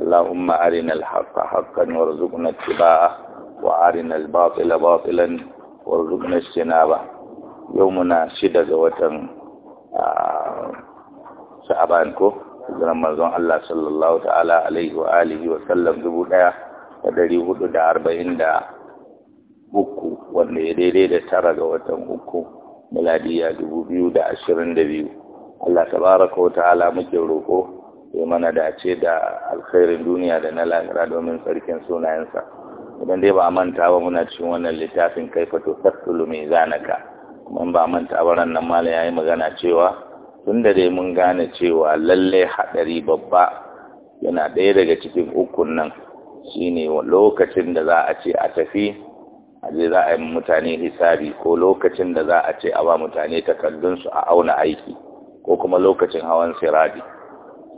اللهم أرنا الحق حقا وارزقنا اتباعه وأرنا الباطل باطلا وارزقنا اجتنابه يومنا شدة وتن شعبانكو hijiran manzon Allah sallallahu ta'ala alaihi wa alihi wa sallam dubu ɗaya da dari hudu da arba'in da uku wanda ya daidai da tara ga watan uku miladiya dubu biyu da ashirin da biyu Allah tabaraka wa ta'ala muke roƙo mana dace da alkhairin duniya da na lahira domin sarkin sunayensa idan dai ba manta ba muna cikin wannan littafin kaifa to fattulu mai zanaka kuma ba manta ba ran nan mala yayi magana cewa tun da dai mun gane cewa lalle hadari babba yana ɗaya daga cikin ukun nan shine lokacin da za a ce a tafi a je za a yi mutane hisabi ko lokacin da za a ce a ba mutane takardunsu a auna aiki ko kuma lokacin hawan siradi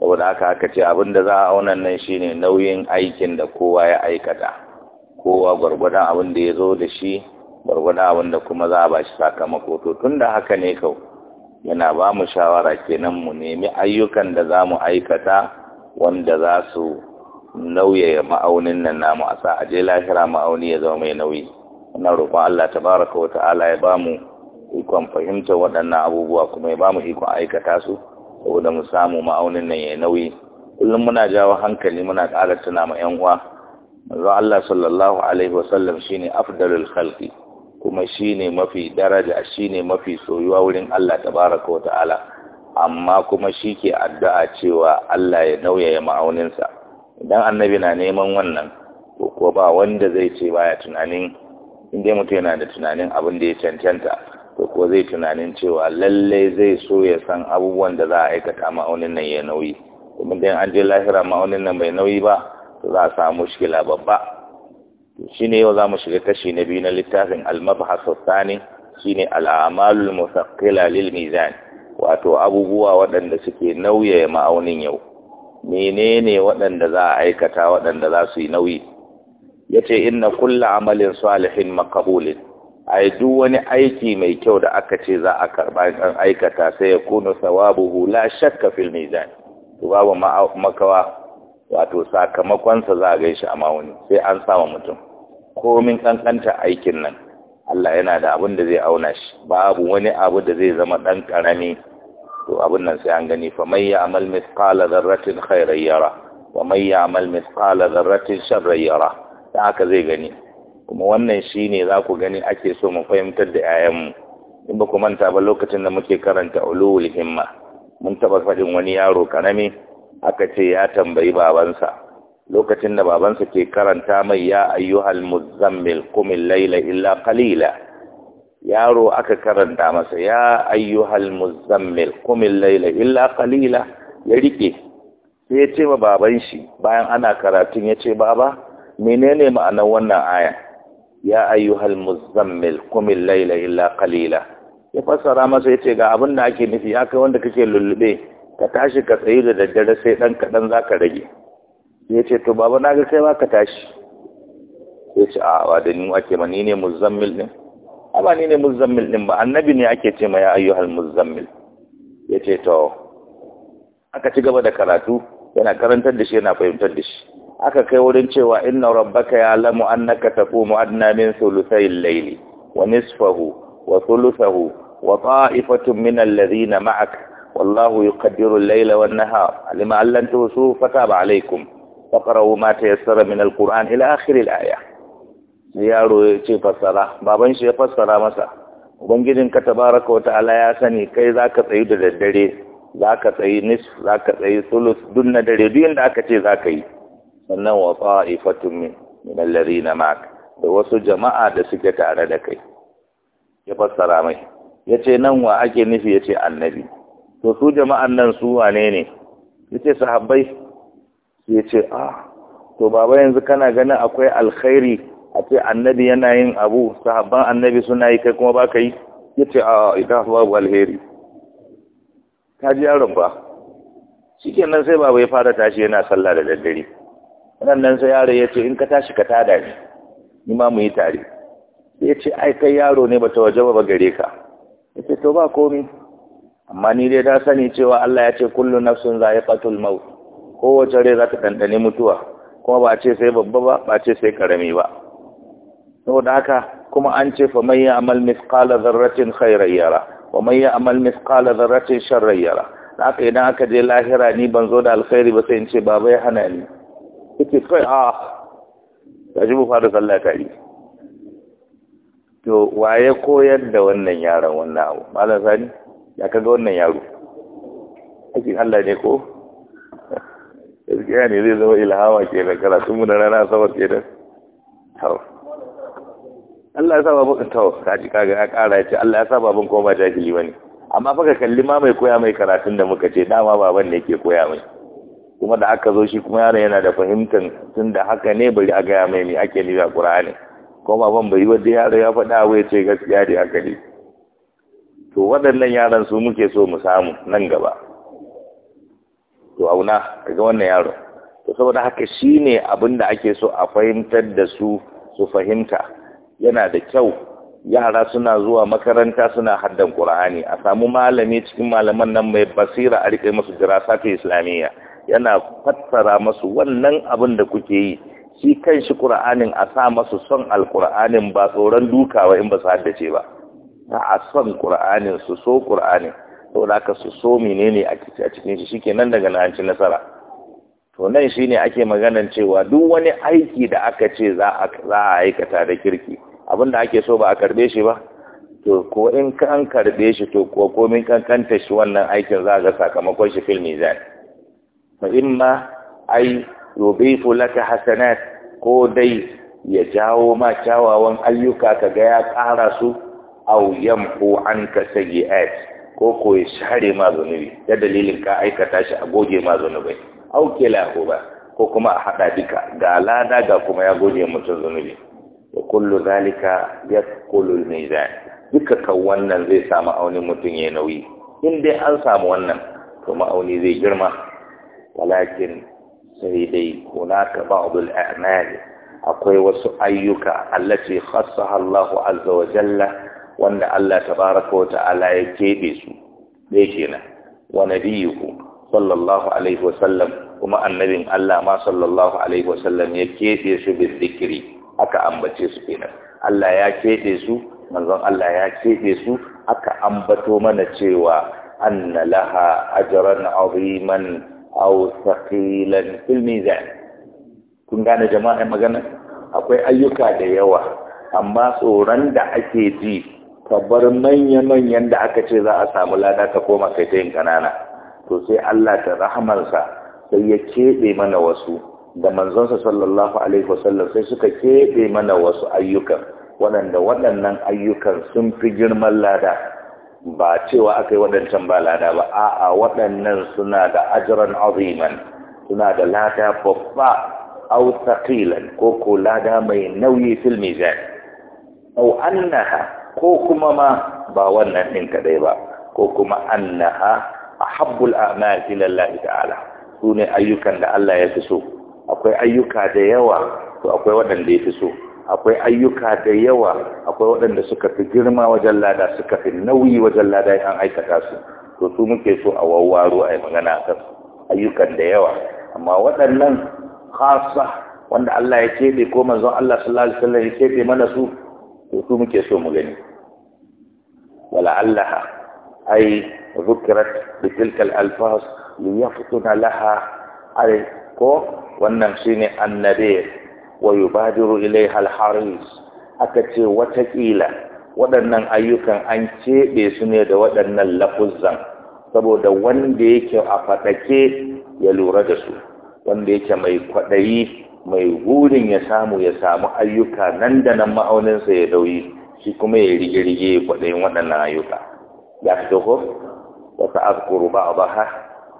saboda haka aka ce abin da za a auna nan shine nauyin aikin da kowa ya aikata kowa gwargwadon abin da ya zo da shi gwargwadon abin kuma za a ba shi sakamako to tun da haka ne kau yana ba mu shawara kenan mu nemi ayyukan da za mu aikata wanda za su nauye ma'aunin nan namu a sa aje lahira ma'auni ya zama mai nauyi wannan roƙon Allah tabaraka wa ta'ala ya ba mu ikon fahimtar waɗannan abubuwa kuma ya ba mu ikon aikata su saboda mu samu ma'aunin nan ya nauyi kullum muna jawo hankali muna ƙara tuna ma 'yan uwa manzo Allah sallallahu alaihi wasallam shine afdalul khalqi kuma shine mafi daraja shine mafi soyuwa wurin Allah tabaraka wa ta'ala amma kuma shi ke addu'a cewa Allah ya nauya nauyaya ma'auninsa idan annabi na neman wannan ko ba wanda zai ce baya tunanin inda mutum yana da tunanin abin da ya cancanta to ko zai tunanin cewa lalle zai so ya san abubuwan da za a aikata ma'aunin nan ya nauyi kuma dan an je lahira ma'aunin nan bai nauyi ba to za a samu mushkila babba shine yau zamu shiga kashi na biyu na littafin al-mabhas thani shine al-a'malul lil mizan wato abubuwa waɗanda suke nauye ma'aunin yau menene waɗanda za a aikata waɗanda za su yi nauyi yace inna kullu amalin salihin maqbulin a yi duk wani aiki mai kyau da aka ce za a karɓa ɗan aikata sai ya kuna sawabu hula shakka fil mizan babu makawa wato sakamakonsa za a gaishe a mawuni sai an sama mutum komin ƙanƙanta aikin nan Allah yana da abin da zai auna shi babu wani abu da zai zama ɗan ƙarami. to abin nan sai an gani fa amal ya'mal mithqala dharratin wa da haka zai gani kuma wannan shi ne za ku gani ake so mu fahimtar da 'ya'yanmu in ba ku manta ba lokacin da muke karanta ulul himma mun taɓa faɗin wani yaro karami aka ce ya tambayi babansa lokacin da babansa ke karanta mai ya ayyuhal muzammil kumin layla illa qalila yaro aka karanta masa ya ayyuhal muzammil kumin layla illa qalila ya riƙe. sai ya ce ma baban shi bayan ana karatun ya ce baba menene ma'anar wannan a'yan? ya ayyuhal muzammil qum al-layla illa qalila ya fassara masa yace ga abin da ake nufi ya kai wanda kake lullube ka tashi ka tsayi da daddare sai dan kadan zaka rage yace to baba naga kai ma ka tashi yace a wa da ni ake ma ni ne muzammil din ba ni ne muzammil din ba annabi ne ake ce ma ya ayyuhal muzammil yace to aka ci gaba da karatu yana karantar da shi yana fahimtar da shi aka kai wurin cewa inna rabbaka ya'lamu annaka taqumu adna min thuluthayil layli wa nisfahu wa thuluthahu wa ta'ifatun min alladhina ma'ak wallahu yuqaddiru al-layla wan-nahara lima allan tuhsu fataba alaykum faqra'u ma tayassara min al-qur'an ila akhir al-aya yaro ce fassara baban shi ya fassara masa ubangijin ka tabaraka wa ta'ala ya sani kai zaka tsayi da daddare zaka tsayi nisf zaka tsayi thuluth dunna na dare duk inda aka ce za ka yi sannan wa ta'ifatun min min alladhina ma'ak da wasu jama'a da suke tare da kai ya fassara mai yace nan wa ake nufi yace annabi to su jama'an nan su wane ne yace sahabbai yace ah to baba yanzu kana ganin akwai alkhairi a ce annabi yana yin abu sahabban annabi suna yi kai kuma baka yi Ya ce a ah, idan babu alheri Ta ji yaron ba nan sai baba ya fara tashi yana sallah da daddare nan sai yaro ya ce in ka tashi ka tada ni ni ma mu yi tare sai ya ce ai kai yaro ne ba ta waje ba gare ka ya ce to ba komi amma ni dai na sani cewa Allah ya ce kullu nafsun za'iqatul maut kowace rai za ta dandane mutuwa kuma ba ce sai babba ba ba ce sai karami ba saboda haka kuma an ce fa may ya'mal mithqala dharratin khayran yara wa may ya'mal mithqala dharratin sharran yara haka idan aka je lahira ni ban zo da alkhairi ba sai in ce baba ya hana ni ce kai a ah, gashi mu fara sallah tare to waye koyar da wannan yaron wannan abu malam sani ya kaga wannan yaro aikin Allah ne ko gaskiya ne zai zama ilhama ke da karatu mu na rana sabar ke da tau Allah ya saba babu tau kaji kaga ya kara ya ce Allah ya saba baban koma jahili bane amma fa ka kalli ma mai koya mai karatun da muka ce dama baban ne ke koya mai kuma da aka zo shi kuma yaron yana da fahimtar tun da haka ne bari a gaya mai mai ake nufi a ƙur'ani kuma ban bai wanda yaro ya faɗa wai ce gaskiya da haka ne to waɗannan yaron su muke so mu samu nan gaba to auna daga wannan yaro to saboda haka shi ne abin da ake so a fahimtar da su su fahimta yana da kyau yara suna zuwa makaranta suna haddan ƙur'ani. a samu malami cikin malaman nan mai basira a masu jirasa ta islamiyya yana fassara masu wannan abin da kuke yi shi kan shi ƙura'anin a sa masu son alƙura'anin ba tsoron dukawa in ba su haddace ba ta a son ƙura'anin su so ƙura'anin sau da su so menene a cikin shi shi kenan daga na hanci nasara to nan shi ne ake maganan cewa duk wani aiki da aka ce za a aikata da kirki abin da ake so ba a karɓe shi ba to ko in kan karɓe shi to ko komin kankanta shi wannan aikin za a ga sakamakon shi filmi zai fa imma ai yudhifu laka hasanat ko dai ya jawo ma kyawawan ayyuka ga ya kara su aw an ka sayyi'at ko ko ya share ma zunubi da dalilin ka aikata shi a goge ma zunubai aw kila ko ba ko kuma a hada duka ga lada ga kuma ya goge mutum zunubi wa kullu zalika yaqulu al-mizan duka kan wannan zai samu aunin mutum ya nauyi in dai an samu wannan to ma'auni zai girma walakin sai dai hunaka ba'dul a'mal akwai wasu ayyuka allati khassaha Allah azza wa jalla wanda Allah tabaaraka wa ta'ala ya kebe su dai kenan wa nabiyuhu sallallahu alaihi wa sallam kuma annabin Allah ma sallallahu alaihi wa sallam ya kebe su bi zikri aka ambace su kenan Allah ya kebe su manzon Allah ya kebe su aka ambato mana cewa anna laha ajran aziman aw thaqilan fil mizan kun gane jama'a magana akwai ayyuka da yawa amma tsoron da ake ji ka bar manya-manyan da aka ce za a samu lada ka koma kai ta yin kanana to sai Allah ta rahamarsa sai ya keɓe mana wasu da manzonsa sallallahu alaihi wasallam sai suka keɓe mana wasu ayyukan waɗanda waɗannan ayyukan sun fi girman lada ba cewa aka yi waɗancan ba lada ba a'a waɗannan suna da ajiran aziman suna da lada babba au taqilan ko ko lada mai nauyi fil mizan au annaha ko kuma ma ba wannan din kadai ba ko kuma annaha ahabbul a'mal ila Allah ta'ala sune ayyukan da Allah ya fi so akwai ayyuka da yawa to akwai waɗanda ya fi so akwai ayyuka da yawa akwai waɗanda suka fi girma wajen lada suka fi nauyi wajen lada an aikata su to su muke so a wawwaro a yi magana a kan ayyukan da yawa amma waɗannan khasa wanda Allah ya keɓe ko manzon Allah sallallahu alaihi wasallam ya keɓe mana su to su muke so mu gani wala Allah ai zukrat bi tilka al alfaz li yaftuna laha ko wannan shine annabi wa yubadiru ilaiha al-haris aka ce watakila waɗannan ayyukan an keɓe su ne da waɗannan lafuzan saboda wanda yake a faɗake ya lura da su wanda yake mai kwaɗayi mai gurin ya samu ya samu ayyuka nan da nan ma'auninsa ya dauyi shi kuma ya rige-rige kwaɗayin waɗannan ayyuka ya fi ko wata azkuru ba a ba ha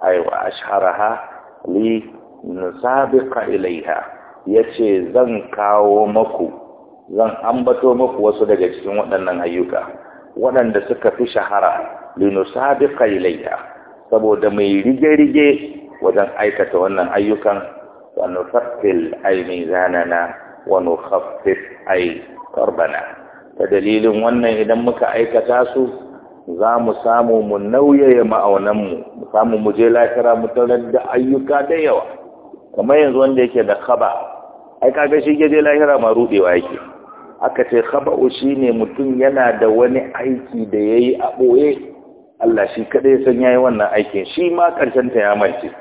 ha li ilaiha ya ce zan kawo maku zan ambato maku wasu daga cikin waɗannan ayyuka waɗanda suka fi shahara linusabiqa kailaiya saboda mai rige-rige wajen aikata wannan ayyukan wani nufattil ay zanana wani nukhaffif ai karbana ta dalilin wannan idan muka aikata su za mu samu mu nauyaya ma'aunanmu mu samu mu je lafira mu da ayyuka da yawa kamar yanzu wanda yake da kaba ai kaga shi gaje lahira ma rudewa yake aka ce khaba'u shine mutum yana da wani aiki da yayi a boye Allah shi ya san yayi wannan aikin shi ma karshen ta ya mace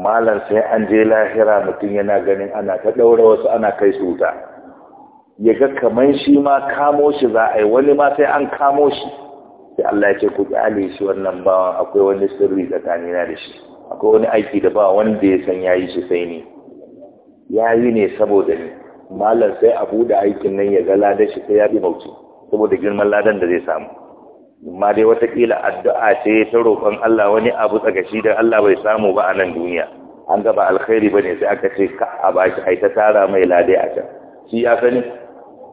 malar sai an je lahira mutum yana ganin ana ta daura wasu ana kai su wuta ya ga kaman shi ma kamo shi za a yi wani ma sai an kamo shi sai Allah ya ce ku kyale shi wannan bawan akwai wani sirri tsakanina da shi akwai wani aiki da ba wanda ya san yayi shi sai ni ya yi ne saboda ni malam sai a buɗe aikin nan ya ga da shi sai ya bi mauci saboda girman ladan da zai samu ma dai watakila addu'a ce ta roƙon Allah wani abu tsagashi da Allah bai samu ba a nan duniya an gaba alkhairi ba ne sai aka ce ka a ba shi aita tara mai ladai a can shi ya sani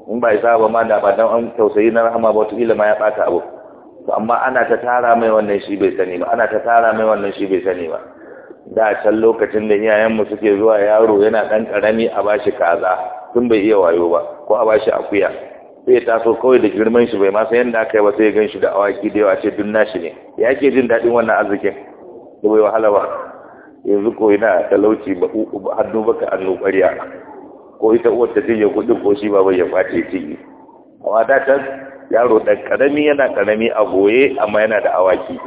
in bai sa ba ma da ba dan an tausayi na rahama ba wataƙila ma ya ɓata abu to amma ana ta tara mai wannan shi bai sani ba ana ta tara mai wannan shi bai sani ba da can lokacin da iyayenmu suke zuwa yaro yana ɗan ƙarami a bashi kaza tun bai iya wayo ba ko a bashi akuya sai taso kawai da girman shi bai ma san yadda aka yi ba sai gan shi da awaki da yawa ce dun nashi ne ya ke jin daɗin wannan arzikin da bai wahala ba yanzu ko yana talauci ba hannu baka hannu ƙwarya ko ita uwar ta cinye kuɗi ko shi ba bai ya kwace ciki amma da can yaro ɗan ƙarami yana ƙarami a goye amma yana da awaki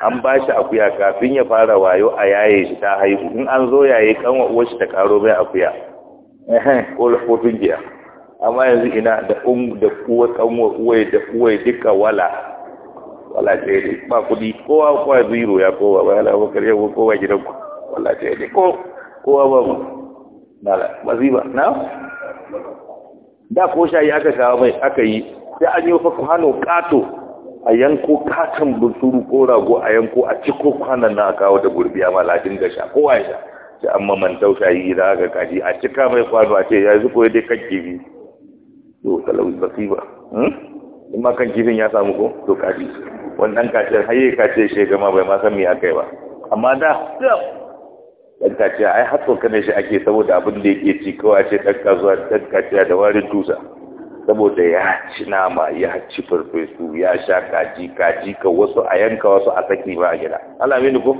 an ba shi akuya kafin ya fara wayo a yaye shi ta haihu in an zo yaye kanwa uwar shi ta karo mai akuya ko giya amma yanzu ina da um da uwa kanwa uwa da uwa duka wala wala ce ne ba kudi kowa kowa zero ya kowa ba yana bakar ko kowa gidan ku wala ce ne ko kowa ba mu nala ba na da ko shayi aka kawo mai aka yi sai an yi fa ku hano kato a yanko katon bunsuru ko rago a yanko a ciko kwanan na kawo da gurbi a malajin ga sha kowa ya sha sai an maman tausha yi da ga kaji a cika mai kwano a ce ya zuko ya dai kan kifi to talau ba hmm? in ma kan kifin ya samu ko to kaji wannan kaciyar haye kaciyar shi gama bai ma san me aka yi ba amma da dan kaciya ai hatsoka ne shi ake saboda abin da yake ci kawai ce dan kasuwa dan kaciya da warin tusa saboda ya ci nama ya ci farfesu ya sha kaji kaji ka wasu a yanka wasu a saki ba a gida alamin ko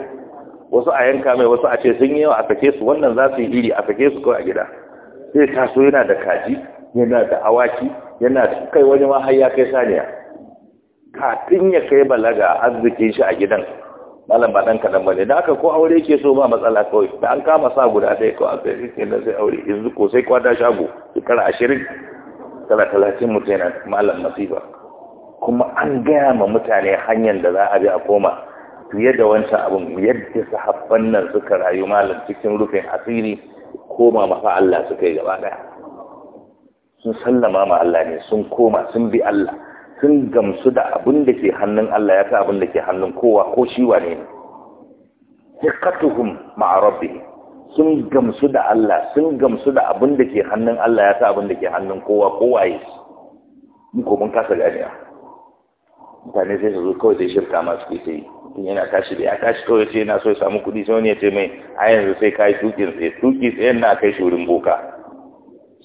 wasu a yanka mai wasu a ce sun yi yawa a sake su wannan za su yi iri a sake su kawai a gida sai taso yana da kaji yana da awaki yana da kai wani ma har ya kai saniya kafin ya kai balaga arzikin shi a gidan malam ba dan kadan bane da aka ko aure yake so ba matsala kawai da an kama sa guda ɗaya ko a sai sai aure yanzu ko sai kwada shago shekara ashirin shekara talatin mutum yana malam masifa kuma an gaya ma mutane hanyar da za a bi a koma fiye da wancan abin yadda sahabban nan suka rayu malam cikin rufin asiri koma mafa Allah suka yi gaba daya sun sallama ma Allah ne sun koma sun bi Allah sun gamsu da abin da ke hannun Allah ya ta abin da ke hannun kowa ko shi wane ne hiqatuhum ma'a sun gamsu da Allah sun gamsu da abin da ke hannun Allah ya sa abin da ke hannun kowa kowa yi mu ko mun kasa ganiya mutane sai su zo kawai sai shirka masu kai sai in yana tashi da ya tashi kawai sai yana so ya samu kuɗi sai wani ya ce mai a yanzu sai kai tukin sai tuki sai na kai wurin boka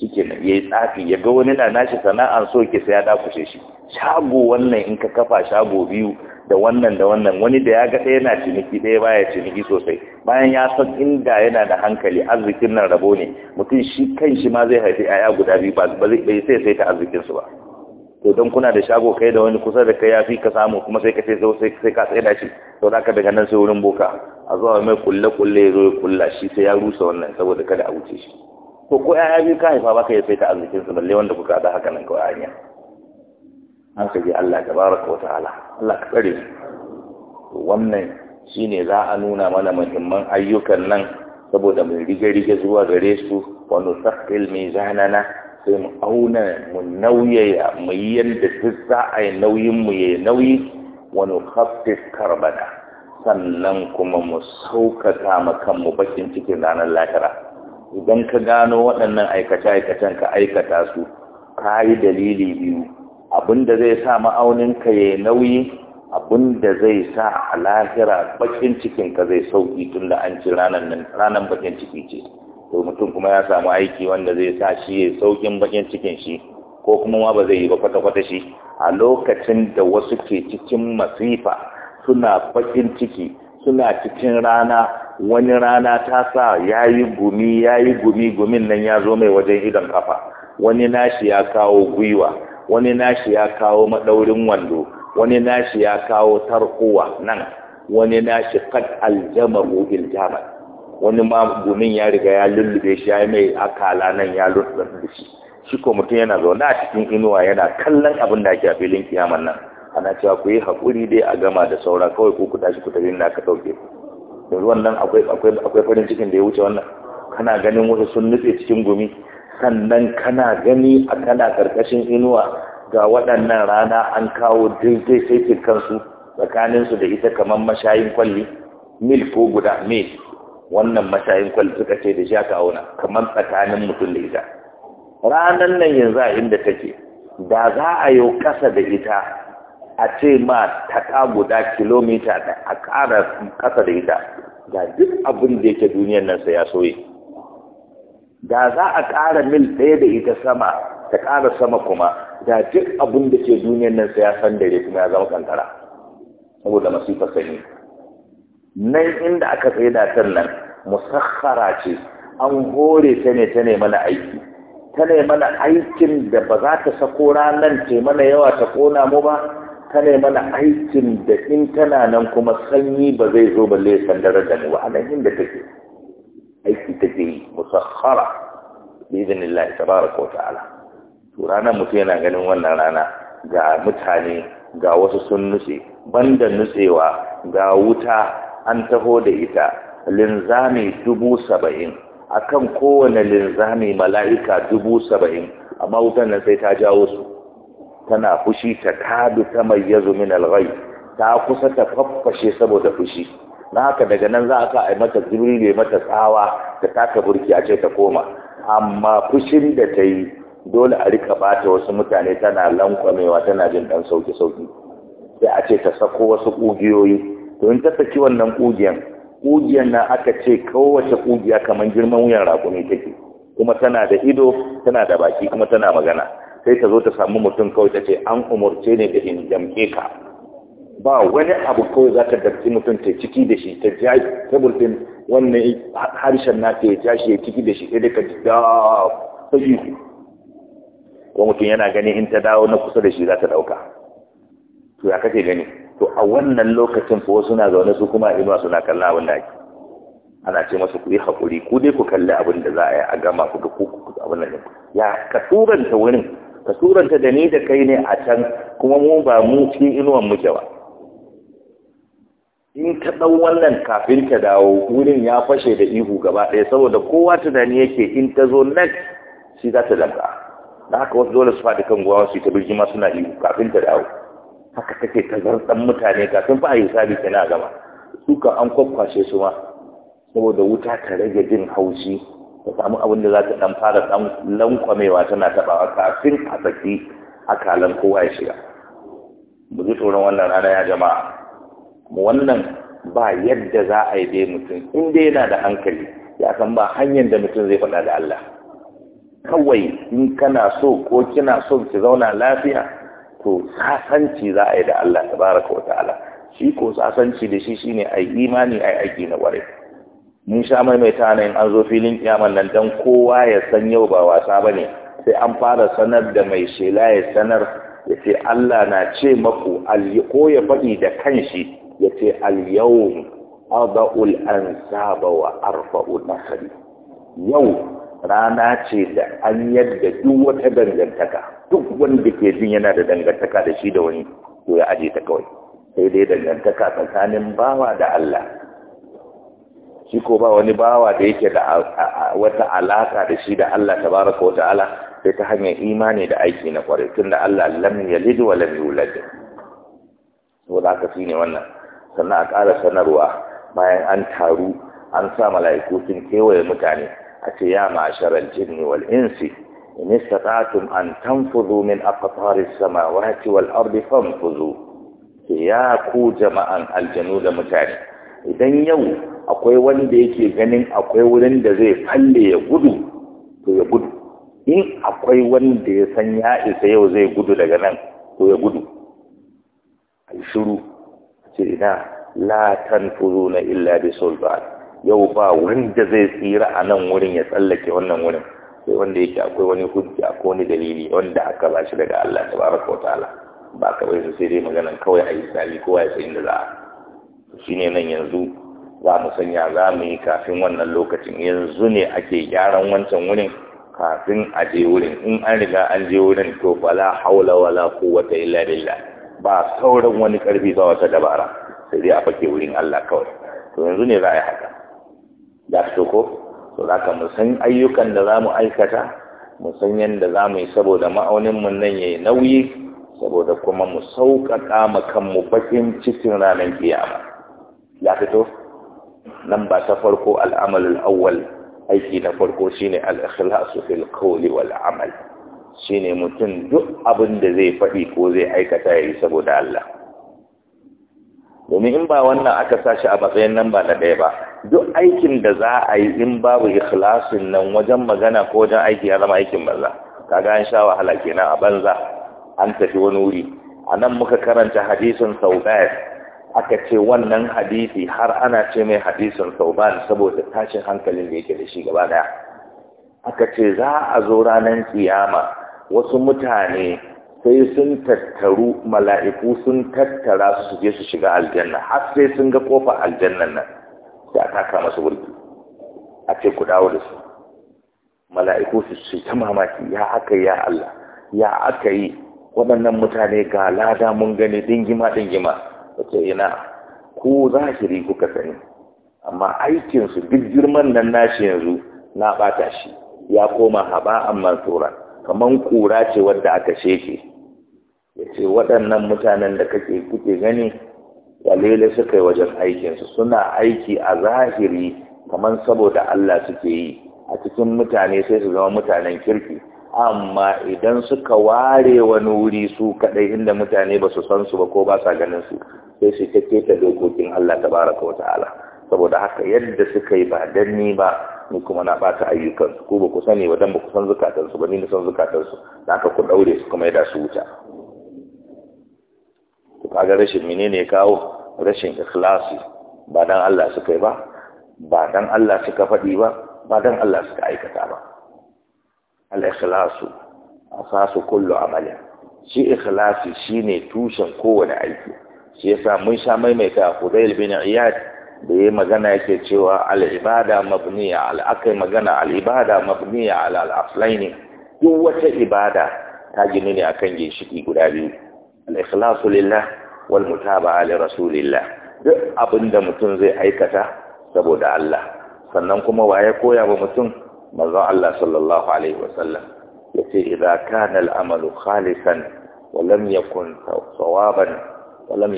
shike nan yayi tsafi ya ga wani na nashi sana'an so ke sai ya dakushe shi shago wannan in ka kafa shago biyu da wannan da wannan wani da ya ga yana ciniki ɗaya baya ciniki sosai bayan ya san inda yana da hankali arzikin nan rabo ne mutum shi kan shi ma zai haifi 'ya'ya guda biyu ba zai sai sai ta arzikin su ba to don kuna da shago kai da wani kusa da kai ya fi ka samu kuma sai ka ce sai ka tsaye da shi to da ka daga nan sai wurin boka a zuwa mai kulle kulle ya zo ya kulla shi sai ya rusa wannan saboda kada a wuce shi ko ko 'ya'ya biyu ka haifa ba ka yi sai ta arzikin balle wanda kuka da haka nan kawai hanya haka ji Allah baraka wa ta'ala Allah ka tsare to wannan ne za a nuna mana muhimman ayyukan nan saboda mai rige-rige zuwa gare su wa mai zanana sai mu auna mu nauyaya mu yi yadda duk za a yi nauyin mu yi nauyi wani haftis karbada sannan kuma mu saukata ma kanmu bakin cikin ranar lahira idan ka gano waɗannan aikace-aikacen ka aikata su ka yi dalili biyu abinda zai sa ma'aunin ka ya nauyi abinda zai sa a lahira bakin cikinka zai sauki tun da an ci ranar nan bakin ciki ce to mutum kuma ya samu aiki wanda zai sa shi ya saukin bakin cikin shi ko kuma ma ba zai yi ba kwata-kwata shi a lokacin da wasu ke cikin masifa suna bakin ciki suna cikin rana wani rana ta sa ya yi gumi ya yi gumi gumin nan ya zo mai wajen idon kafa wani nashi ya kawo gwiwa wani nashi ya kawo maɗaurin wando wani nashi ya kawo tarkowa nan wani nashi kad aljamahu iljaman wani ma gumin ya riga ya lullube shi ya yi mai akala nan ya lullube shi shi ko mutum yana zaune a cikin inuwa yana kallon abin da ake a filin kiyaman nan ana cewa ku yi haƙuri dai a gama da saura kawai ku kuɗa shi ku tafi na ka ɗauke yanzu wannan akwai farin cikin da ya wuce wannan kana ganin wasu sun nutse cikin gumi sannan kana gani a kana karkashin inuwa ga waɗannan rana an kawo jirgin saitin kansu tsakaninsu da ita kamar mashayin kwalli mil ko guda mil wannan mashayin kwalli suka ce da shaka auna kamar tsakanin mutum da ita ranar nan yanzu a inda take da za a yi ƙasa da ita a ce ma ta guda kilomita da a ƙara kasa da ita ga duk abin da yake duniyar nan sai ya soye da za a ƙara mil ɗaya da ita sama ta ƙara sama kuma da duk abin da ke duniyar nan sai ya san dare kuma ya zama kankara saboda masifar sanyi nan inda aka tsaye da nan musakhara ce an hore ta ne ta ne mana aiki ta ne mana aikin da ba za ta sako ranan ce mana yawa ta kona mu ba ta ne mana aikin da in tana nan kuma sanyi ba zai zo balle sandarar da mu ba a nan inda take aiki take yi musakhara bizin Allah tabaraka wa ta'ala to mutum yana ganin wannan rana ga mutane ga wasu sun nutse banda nutsewa ga wuta an taho da ita linzami dubu saba'in akan kowane linzami mala'ika dubu saba'in amma wutan nan sai ta jawo su tana fushi ta kadu ta mayyazu min alghai ta kusa ta faffashe saboda fushi na haka daga nan za a sa a mata ne mata tsawa da taka burki a ce ta koma amma fushin da ta yi dole a rika bata wasu mutane tana lankwamewa tana jin dan sauki sauki sai a ce ta sako wasu kugiyoyi to in ta saki wannan kugiyan kugiyan na aka ce kowace kugiya kamar girman wuyan rakumi take kuma tana da ido tana da baki kuma tana magana sai ta zo ta samu mutum kawai ta ce an umurce ne da in jamke ka ba wani abu kawai za ta dabci mutum ta ciki da shi ta jaji table din wannan harshen na ta ya shi ya ciki da shi sai dai ka ji da sai ko mutum yana gani in ta dawo na kusa da shi za ta dauka to ya kake gani to a wannan lokacin ko suna zaune su kuma ima suna kallon abin da ake ana ce masu ku yi haƙuri ku dai ku kalli abin da za a yi a gama ku ga ku abin da ya ka turanta wurin ka turanta da ni da kai ne a can kuma mu ba mu cikin inuwan muke ba in ka ɗau wannan kafin ka dawo wurin ya fashe da ihu gaba ɗaya saboda kowa tunani yake in ta zo nan shi za ta danka da haka wasu dole su faɗi kan guwa su ta masu suna ihu kafin ta dawo haka take ta zartsan mutane kafin ba a yi sabi ta na gama suka an kwakwashe su ma saboda wuta ta rage jin haushi ta samu abin da za ta ɗan fara ɗan lankwamewa tana taɓawa kafin a saki akalan kowa ya shiga mu tsoron wannan rana ya jama'a wannan ba yadda za a yi dai mutum in dai yana da hankali ya san ba hanyar da mutum zai faɗa da Allah kawai in kana so ko kina so ki zauna lafiya to sasanci za a yi da Allah tabaraka wa ta'ala shi ko sasanci da shi shine ai imani ai aiki na ware mun sha maimaita na in an zo filin kiyaman nan dan kowa ya san yau ba wasa bane sai an fara sanar da mai shela ya sanar ya ce Allah na ce maku ko ya faɗi da kanshi ya ce al-yau ada'ul an sabawa wa arfa'ul yau rana ce da an yadda duk wata dangantaka duk wanda ke jin yana da dangantaka da shi da wani to ya aje ta kawai sai dai dangantaka tsakanin bawa da Allah shi ko ba wani bawa da yake da wata alaka da shi da Allah tabaraka wa ta'ala sai ta hanyar imani da aiki na kwarai tunda Allah lam yalid wa lam yulad to da shine wannan sannan a ƙara sanarwa bayan an taru an sa mala'iku sun kewaye mutane a ce ya ma'asharar jinni wal insi in istata'tum an tanfudhu min aqtaris samawati wal ardi fanfudhu ke ya ku jama'an aljanu da mutane idan yau akwai wanda yake ganin akwai wurin da zai falle ya gudu to ya gudu in akwai wanda ya san ya isa yau zai gudu daga nan to ya gudu a shiru ce latan furu na illa bi yau ba wanda zai tsira a nan wurin ya tsallake wannan wurin sai wanda yake akwai wani hujja ko wani dalili wanda aka ba shi daga Allah tabaraka wa ba ka bai su sai dai maganan kawai a isali ko ya san inda za a ne nan yanzu za mu sanya za mu yi kafin wannan lokacin yanzu ne ake gyaran wancan wurin kafin a je wurin in an riga an je wurin to bala haula wala quwwata illa billah ba sauran wani ƙarfi ba wata dabara sai dai a fake wurin Allah kawai to yanzu ne za a yi haka ya fito ko to za ka san ayyukan da za mu aikata mu san yadda za mu yi saboda ma'auninmu nan ya yi nauyi saboda kuma mu sauƙaƙa ma kanmu bakin cikin ranar kiyama ya fito nan ba ta farko al'amalin awwal aiki na farko shine al-ikhlasu fil qawli wal amal Shi ne mutum duk abin da zai faɗi ko zai aikata ya yi saboda Allah domin in ba wannan aka sashi a matsayin nan ba na ɗaya ba duk aikin da za a yi in babu ikhlasin nan wajen magana ko wajen aiki ya zama aikin banza ga an sha wahala kenan a banza an tafi wani wuri a nan muka karanta hadisin sauƙayar aka ce wannan hadisi har ana ce mai hadisin sauban saboda tashin hankalin da yake da shi gaba ɗaya. aka ce za a zo ranar ƙiyama. wasu mutane sai sun tattaru mala'iku sun tattara su je su shiga aljanna har sai sun ga kofar aljannan nan sai a taka masu wurki a ce ku dawo da su mala'iku su ce ta mamaki ya aka yi ya Allah ya aka yi waɗannan mutane ga lada mun gani dingima dingima ce ina ku zahiri kuka sani amma aikinsu duk girman nan nashi yanzu na ɓata shi ya koma haba'an mansura kaman kura ce wadda aka sheke ya ce waɗannan mutanen da kake kuke gani walele suka yi wajen aikinsu suna aiki a zahiri kaman saboda Allah suke yi a cikin mutane sai su zama mutanen kirki amma idan suka ware wani wuri su kaɗai inda mutane ba su san su ba ko ba sa ganin su sai su ta dokokin Allah tabaraka baraka wata'ala saboda haka yadda suka yi ba danni ba ni kuma na ɓata ayyukansu ko ba ku sani ba dan ba ku san zukatansu ba ni na san zukatansu da haka ku daure su kuma ya su wuta ku kaga rashin menene ya kawo rashin ikhlasi ba dan Allah suka yi ba ba dan Allah suka fadi ba ba dan Allah suka aikata ba al-ikhlasu asasu kullu amali shi ikhlasi shine tushen kowane aiki shi yasa mun sha maimaita Hudayl bin Iyad da ya magana yake cewa al'ibada mabniya al'akai magana al'ibada mabniya al'aflai ne duk wata ibada ta gini ne kan ginshiki guda biyu al'ikhlasu lillah wal mutaba li rasulillah duk abin da mutum zai aikata saboda Allah sannan kuma waye koya ba mutum manzon Allah sallallahu alaihi wasallam yace idza kana al'amalu khalisan wa lam yakun sawaban wa lam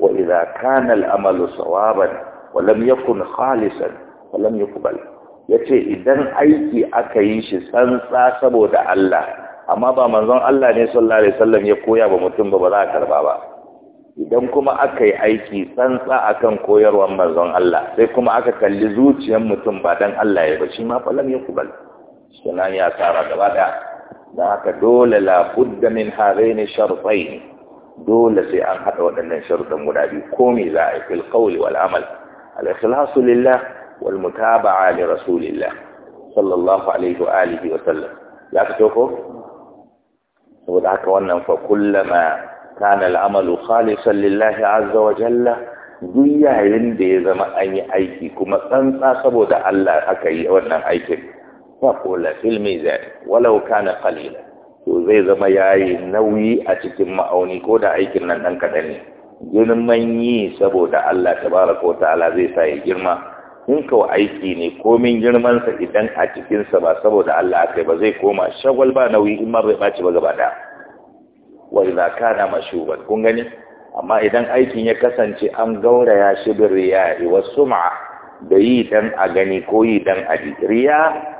وإذا كان الأمل صوابا ولم يكن خالصا ولم يقبل yace idan aiki aka yi shi tsantsa saboda Allah amma ba manzon Allah ne sallallahu alaihi wasallam ya koya ba mutum ba za a karba ba idan kuma aka yi aiki tsantsa akan koyarwar manzon Allah sai kuma aka kalli zuciyar mutum ba dan Allah ya ba shi ma falam ya kubal sunan ya tsara gaba daya haka dole la budda min hadaini shartain dole sai an haɗa waɗannan sharuɗan guda biyu ko me za a yi fil qawli wal amal al ikhlasu lillah wal mutaba'a li rasulillah sallallahu alaihi wa alihi wa sallam ya ka ko saboda haka wannan fa kullama kana al amalu khalisan lillahi azza wa jalla duk yayin da ya zama an yi aiki kuma tsantsa saboda Allah aka yi wannan aikin fa qul fil mizan walau kana qalilan to zai zama ya yi nauyi a cikin ma'auni ko da aikin nan ɗan kaɗan ne girman yi saboda Allah ta bara wa ta'ala zai sa ya girma in kawo aiki ne komin girmansa idan a cikinsa ba saboda Allah aka yi ba zai koma shagwal ba nauyi in ma bai ɓaci ba gaba ɗaya wa na kana mashuban kun gani amma idan aikin ya kasance an gauraya shi bin riya wa sum'a da yi dan a gani ko yi dan a riya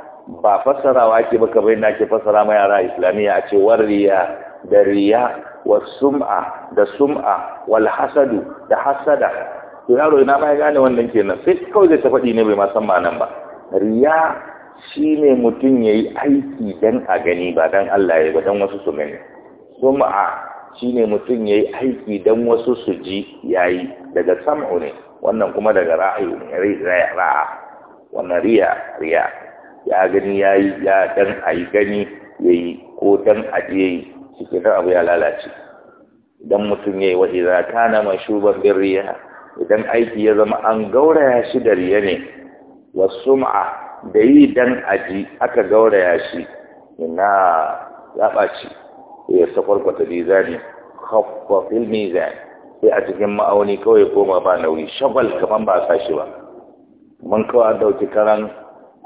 ba fassarawa ake baka bai nake fassara ma yara islamiyya a ce warriya da riya wa sum'a da sum'a wal hasadu da hasada to yaro ina ba ya gane wannan kenan sai kawai zai ta faɗi ne bai ma san ma'anan ba riya shine mutum yayi aiki dan a gani ba dan Allah ya ba dan wasu su gani sum'a shine mutum yayi aiki dan wasu su ji yayi daga sam'u ne wannan kuma daga ra'ayi ne ra'a wannan riya riya ya gani ya yi ya dan a yi gani ya yi ko dan a ya yi ta abu ya lalace idan mutum ya yi wa iza na ma bin riya idan aiki ya zama an gauraya shi da riya ne wa sum'a da yi dan a ji aka gauraya shi ina ya ɓaci ya sakwarkwata mizani kafa filmi mizan sai a cikin ma'auni kawai koma ba nauyi shagal kamar ba sa shi ba mun kawai dauki karan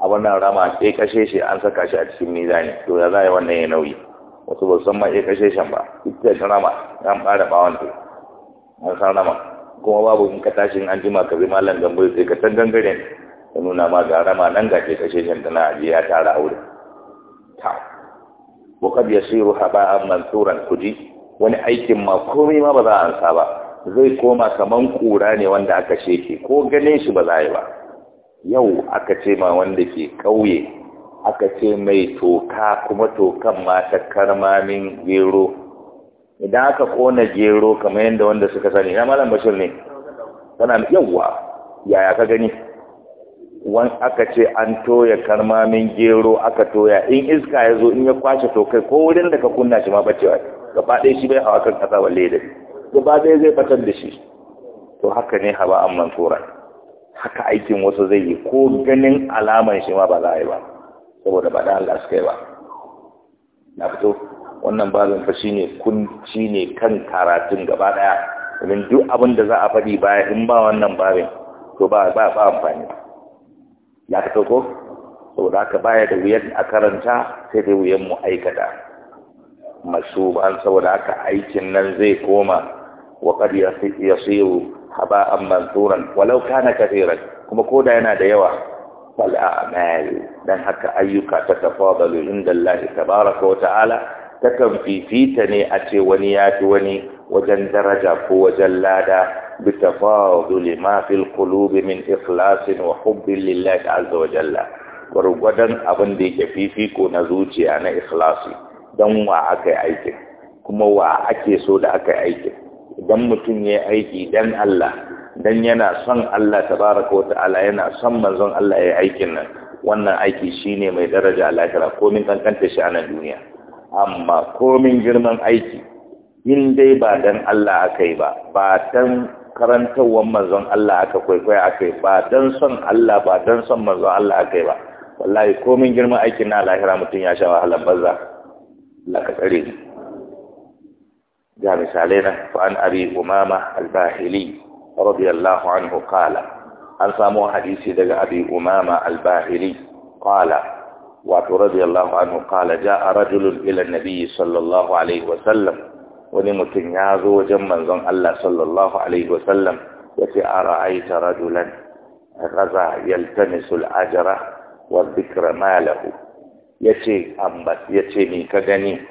a wannan rama ya kashe shi an saka shi a cikin mizani to da za a yi wannan ya nauyi wasu ba san ma ya kashe shan ba duk da ta rama an ɓara ɓawon ta an san rama kuma babu in ka tashi an jima ka bi malam gambo sai ka san gangaren ya nuna ma ga rama nan ga ke kashe shan tana ajiye ya tara aure ta wakad ya siru haba'an mansuran kuji wani aikin ma komai ma ba za a ansa ba zai koma kaman kura ne wanda aka sheke ko ganin shi ba za a yi ba yau aka ce ma wanda ke ƙauye aka ce mai toka kuma tokan ma ta karmamin gero idan aka kona gero kamar yadda wanda suka sani na malam bashir ne tana yawwa yaya ka gani wani aka ce an toya karmamin gero aka toya in iska ya zo in ya kwashe tokai ko wurin da ka kunna shi ma bacewa gaba ɗaya shi bai hawa kan ƙasa balle da ba ɗaya zai batar da shi to haka ne hawa amman tsoron haka aikin wasu zai yi ko ganin alaman shi ma ba za a yi ba saboda ba da Allah suka yi ba na fito wannan bazin fa shine kun shine kan karatun gaba daya domin duk abin da za a faɗi baya in ba wannan babin to ba ba ba amfani ya fito ko saboda haka baya da wuyan a karanta sai dai wuyan mu aikata masu ba saboda haka aikin nan zai koma wa qad yasiru haba'an mansuran walau kana kathiran kuma da yana da yawa fal a'mal dan haka ayyuka ta tafadalu inda Allah tabaaraka wa ta'ala takan fifita ne a ce wani ya fi wani wajen daraja ko wajen lada bi tafaduli ma fil qulubi min ikhlasin wa hubbin lillahi azza wa jalla gwargwadon abin da yake fifiko na zuciya na ikhlasi don wa aka yi aikin kuma wa ake so da aka yi aikin idan mutum ya aiki dan Allah dan yana son Allah tabaraka wata'ala yana son manzon Allah ya aikin nan wannan aiki shine mai daraja a lahira komin kankanta shi a nan duniya amma komin girman aiki in dai ba dan Allah aka yi ba ba dan karantarwar manzon Allah aka kwaikwaya aka yi ba dan son Allah ba dan son manzon Allah aka yi ba wallahi komin girman aikin na lahira mutum ya sha wahalar banza Allah ka tsare ga misalai nan fa an abi umama al-bahili radiyallahu anhu qala an samu hadisi daga abi umama al-bahili qala wato radiyallahu anhu qala jaa rajulun ila an sallallahu alaihi wa sallam wani mutum ya zo wajen manzon Allah sallallahu alaihi wa sallam Ya ce yace ara'aita rajulan ghaza yaltamisu al-ajra wa dhikra malahu yace ambas yace ni ka gani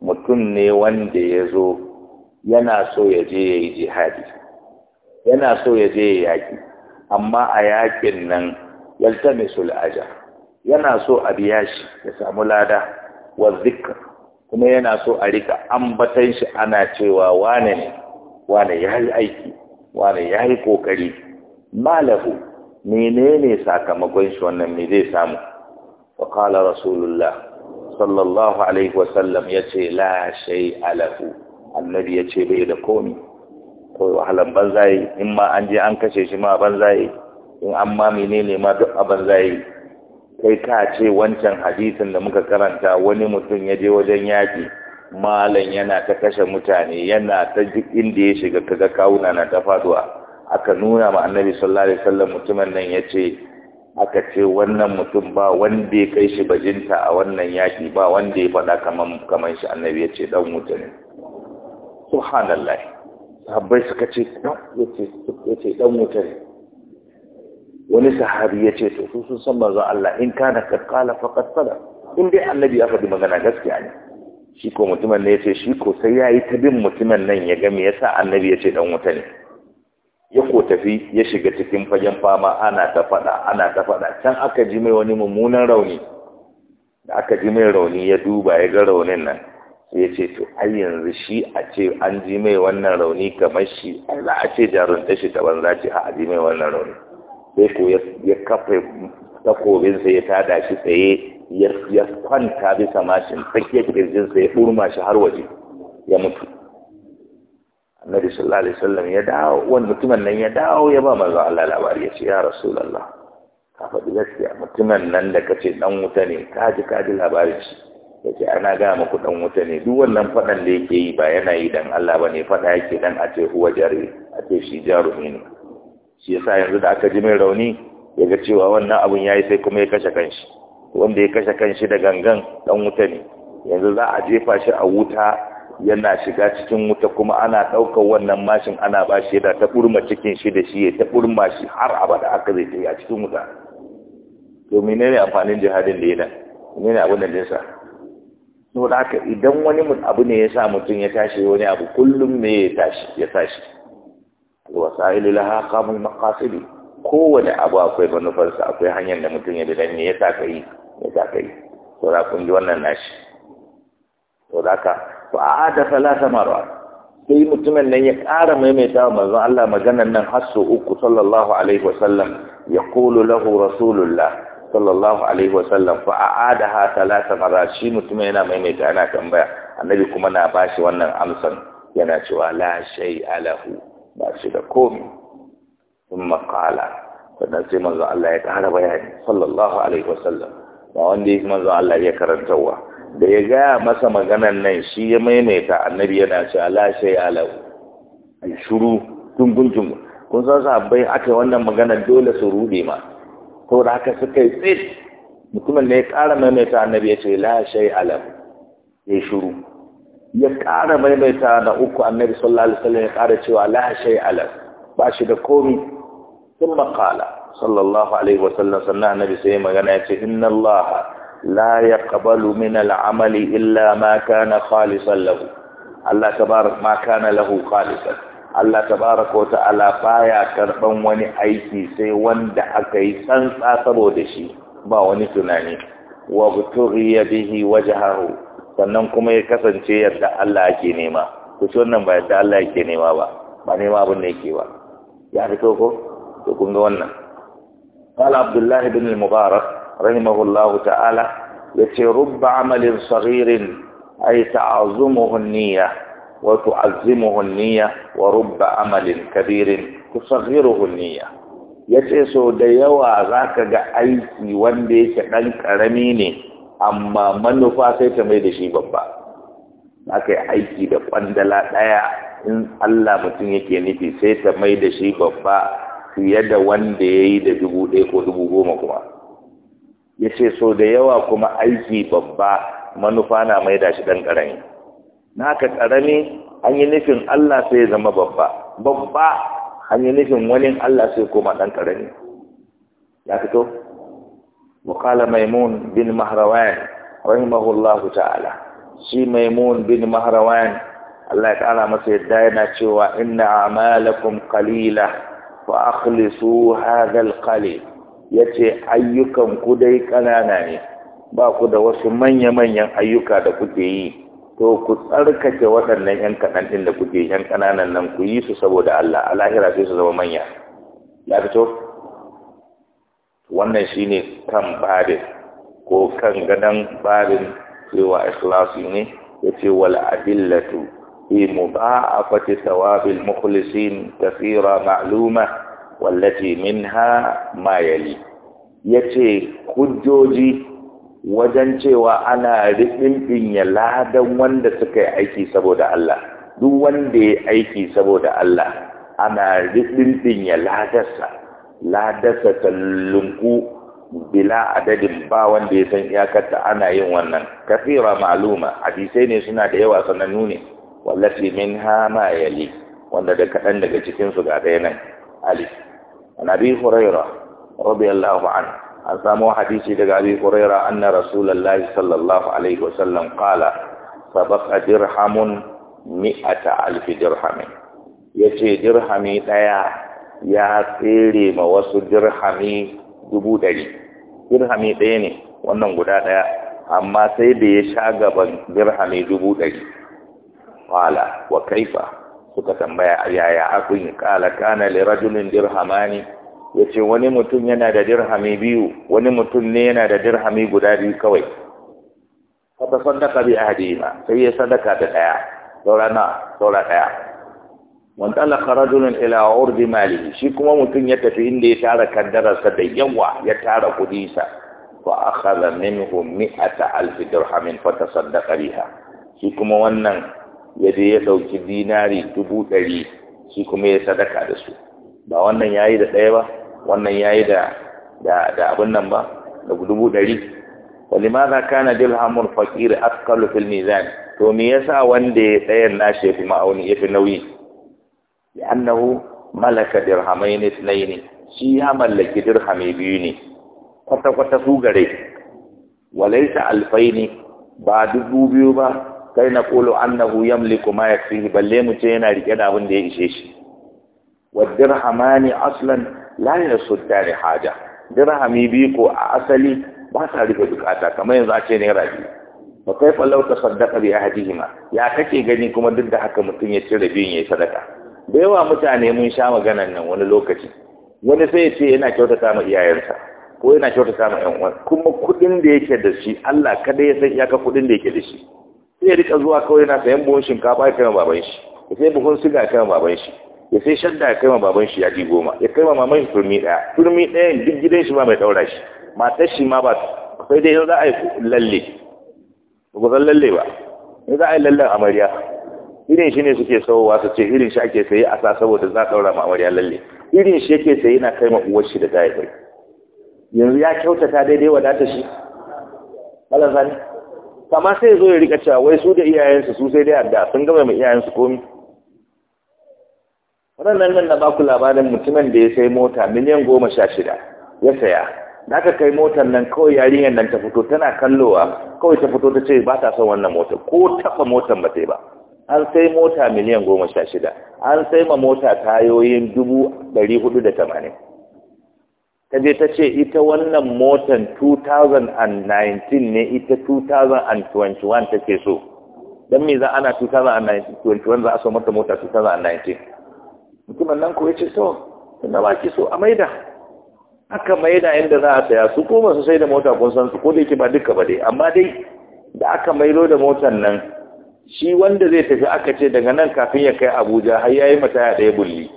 mutum ne wanda ya zo yana so ya je ya yi jihadi yana so ya je ya yaƙi amma a yaƙin nan yaltamisul aja yana so a biya shi ya samu lada wa zikr kuma yana so a rika ambatan shi ana cewa wane ne wane ya yi aiki wane ya yi kokari malahu menene sakamakon shi wannan me zai samu wa qala rasulullah sallallahu alaihi wasallam yace la shay'a lahu annabi ya ce bai da komi ko wahalan banzaye in ma an je an kashe shi ma banzaye in an ma menene ma duk a banzaye kai ka ce wancan hadisin da muka karanta wani mutum ya je wajen yaki malam yana ta kashe mutane yana ta duk inda ya shiga kaga kawuna na ta faduwa aka nuna ma annabi sallallahu alaihi wasallam mutumin nan ya ce aka ce wannan mutum ba wanda ya kai shi bajinta a wannan yaki ba wanda ya faɗa kaman kaman shi annabi ya ce dan wuta subhanallah sahabbai suka ce yace dan wuta ne wani sahabi yace to su sun san manzo Allah in kana kakkala faqad sada in dai annabi ya faɗi magana gaskiya ne shi ko mutumin ne yace shi ko sai yayi ta bin mutumin nan ya ga me yasa annabi yace dan wuta ne ya ko tafi ya shiga cikin fagen fama ana ta faɗa ana ta faɗa can aka ji mai wani mummunan rauni da aka ji mai rauni ya duba ya ga raunin nan ya ce to ai yanzu shi a ce an ji mai wannan rauni kamar shi za a ce ta shi ta banza ce a ji mai wannan rauni sai ko ya kafa takobinsa ya tada shi tsaye ya kwanta bisa mashin tsakiyar kirjinsa ya ɗurma shi har waje ya mutu annabi sallallahu alaihi wasallam ya dawo wani mutumin nan ya dawo ya ba manzo Allah labari ya ce ya rasulullah ka faɗi gaskiya mutumin nan da kace dan wuta ne ka ji ka ji labarin shi da ke ana gaya muku dan wuta ne duk wannan faɗan da yake yi ba yana yi dan Allah ba ne faɗa yake dan a ce huwa jari a ce shi jarumi ne shi yasa yanzu da aka ji mai rauni ya ga cewa wannan abun yayi sai kuma ya kashe kanshi wanda ya kashe kanshi da gangan dan wuta ne yanzu za a jefa shi a wuta yana shiga cikin wuta kuma ana ɗaukar wannan mashin ana ba shi da ta ɓurma cikin shi da shi ya ta ɓurma shi har abada aka zai yi a cikin wuta to menene amfanin jihadin da yana menene abin da jinsa saboda haka idan wani abu ne ya sa mutum ya tashi wani abu kullum me ya tashi ya tashi alwasailu laha qamul maqasidi kowane abu akwai manufarsa akwai hanyar da mutum ya bi dan ya sa kai ya sa kai to da kun ji wannan nashi to da ka to a ada salasa marwa sai mutumin nan ya ƙara maimaita wa manzon Allah maganar nan har uku sallallahu alaihi wa sallam ya yaqulu lahu rasulullah sallallahu alaihi wasallam fa a'adaha talata mara shi mutum yana maimaita ana tambaya annabi kuma na bashi wannan amsan yana cewa la shay'a alahu, ba shi da komi. thumma qala sannan sai manzo Allah ya ƙara bayani sallallahu alaihi wasallam ba wanda ya manzo Allah ya karantawa da ya ga masa maganan nan shi ya maimaita annabi yana cewa la shay'a alahu, ai shuru tungun tungun kun san bai aka wannan magana dole su rude ma saboda haka suka yi tsit mutumin ne ya ƙara maimaita annabi ya ce la shay alam ya shiru ya ƙara maimaita na uku annabi sallallahu alaihi wasallam ya ƙara cewa la shay alam ba shi da komi sun maƙala sallallahu alaihi wasallam sannan annabi sai magana ya ce inna Allah la yaqbalu min al'amali, illa ma kana khalisan lahu Allah tabarak ma kana lahu khalisan Allah tabaraka wa ta'ala baya karban wani aiki sai wanda aka yi tsantsa saboda shi ba wani tunani wa butughiya bihi wajhahu sannan kuma ya kasance yadda Allah yake nema ku ci wannan ba yadda Allah yake nema ba ba nema abin da yake ba ya fito ko to kun ga wannan qala abdullah ibn al-mubarak rahimahullahu ta'ala yace rubba amalin saghirin ay ta'azumuhu an-niyyah وتعزمه النية ورب عمل كبير تصغره النية yace so da yawa zaka ga aiki wanda yake ɗan karami ne amma manufa sai ta mai da shi babba zaka yi aiki da ƙwandala ɗaya in Allah mutum yake nufi sai ta mai da shi babba fiye da wanda yayi da dubu ɗaya ko dubu goma kuma yace so da yawa kuma aiki babba manufa na mai da shi ɗan karami na ka karami an yi nufin Allah sai ya zama babba babba an yi nufin wani Allah sai koma dan karami ya fito mukala Maimun, bin مهروان rahimahullahu ta'ala shi maimun bin بن Allah ya تعالى masa yadda yana cewa inna a'malakum qalila fa akhlisu hadha alqalil yace ayyukan ku dai kanana ne ba ku da wasu manya-manyan ayyuka da kuke yi to ku tsarkake waɗannan ‘yan kaɗan ɗin da kuke ‘yan ƙananan nan ku yi su saboda Allah a lahira sai su zama manya ya fito wannan shine kan babin ko kan gadon babin cewa ikhlasu ne ya ce wal adillatu fi mudha'afati thawabil mukhlisin kathira ma'luma wallati minha ma yali yace hujjoji wajen cewa ana riɓin ya ladan wanda suka yi aiki saboda Allah duk wanda ya aiki saboda Allah ana riɓin ya ladarsa ladarsa tallunku bila adadin ba wanda ya san iyakarta ana yin wannan kafira ma'aluma hadisai ne suna da yawa sanannu ne wallafi min hama yali wanda da kaɗan daga cikinsu ga ɗaya nan Ali. an abi huraira radiyallahu anhu an samu hadisi daga abi ƙuraira anna rasulullahi sallallahu alaihi wasallam qala sabaqa dirhamun mi'ata alf dirhamin yace dirhami ɗaya ya tsere ma wasu dirhami dubu ɗari. dirhami ɗaya ne wannan guda ɗaya. amma sai da ya sha gaban dirhami dubu ɗari. qala wa kaifa suka tambaya yaya akun kala kana li rajulin dirhamani ya ce wani mutum yana da dirhami biyu wani mutum ne yana da dirhami guda biyu kawai fata sadaka bi ahadihima sai ya sadaka da daya saura na saura daya man talaka rajulun ila urdi malihi shi kuma mutum ya tafi inda ya tara kaddararsa da yawa ya tara kudi sa fa akhadha minhu mi'ata alf dirhamin fa tasaddaqa biha shi kuma wannan ya je ya dauki dinari dubu ɗari shi kuma ya sadaka da su ba wannan yayi da ɗaya ba wannan yayi da da abin nan ba da dubu ɗari ولماذا كان درهم Fakir, اثقل في الميزان to me yasa wanda ya tsayar nashi yafi ma'auni yafi nauyi annahu malaka dirhamain ithnain shi ya mallaki dirhamai biyu ne kwata kwata su gare walaysa alfain ba dubu biyu ba kai na kulu annahu yamliku ma yakfihi balle mu ce yana rike da abin da ya ishe shi wa dirhamani aslan lani da su tare haja dirhami biyu ko a asali ba sa rufe bukata kamar yanzu a ce naira rabi ba kai fallau ta sadaka bi ahadihima ya kake gani kuma duk da haka mutum ya cire biyun ya yi sadaka da yawa mutane mun sha maganan nan wani lokaci wani sai ya ce yana kyautata ma iyayensa ko yana kyautata ma yan uwan kuma kuɗin da yake da shi Allah kada ya san iyaka kuɗin da yake da shi sai ya rika zuwa kawai yana sayan buhun shinkafa ya kai baban shi sai buhun siga ya kai baban shi ya sai shadda ya kai ma baban shi yaƙi goma ya kai ma maman shi turmi ɗaya turmi ɗaya duk gidan shi ma mai ɗaura shi matar shi ma ba sai dai za a yi lalle ba ku san lalle ba ne za a yi lallen amarya irin shi ne suke sauwa su ce irin shi ake sayi a sa saboda za a ɗaura ma amarya lalle irin shi yake sayi na kai ma uwar shi da ta haifai yanzu ya kyautata daidai ta shi malam sani kama sai zo ya rika cewa wai su da iyayensu su sai dai adda sun gama mai iyayensu komi waɗannan nan na baku labarin mutumin da ya sai mota miliyan goma sha shida ya saya da aka kai motar nan kawai yarinyar nan ta fito tana kallowa kawai ta fito ta ce ba ta son wannan motar ko taɓa motar ba sai ba an sai mota miliyan goma sha shida an sai ma mota tayoyin dubu ɗari hudu da tamanin ta je ta ce ita wannan motar 2019 ne ita 2021 take so don me za ana 2021 za a so mata mota 2019 mutumin nan ko ya ce to ba so a maida aka maida inda za a saya su ko masu sai da mota kun san su ko da yake ba duka ba dai amma dai da aka maido da motan nan shi wanda zai tafi aka ce daga nan kafin ya kai abuja har ya yi mata ya ɗaya bulli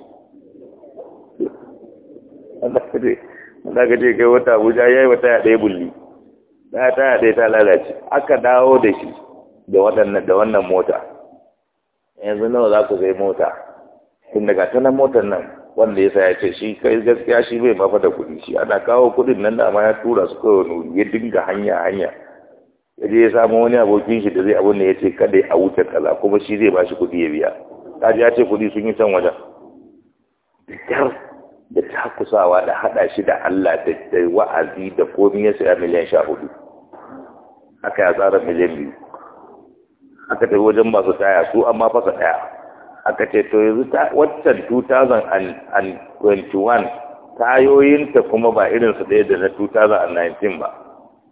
ce kai wata abuja ya yi ya bulli aka dawo da wannan mota yanzu nawa za ku zai mota tun daga ta nan motar nan wanda ya saya ce shi kai gaskiya shi bai mafa da kuɗi shi ana kawo kuɗin nan da ma ya tura su kawai wani ya dinga hanya hanya ya je ya samu wani abokin shi da zai abin da ya ce kada a wuce kaza kuma shi zai bashi kuɗi ya biya ta ya ce kuɗi sun yi can wajen da da takusawa da haɗa shi da Allah da wa'azi da komi ya saya miliyan sha hudu aka ya tsara miliyan biyu aka tafi wajen masu taya su amma fasa ɗaya aka ce to yanzu waccan 2021 tayoyinta kuma ba irinsu ɗaya da na 2019 ba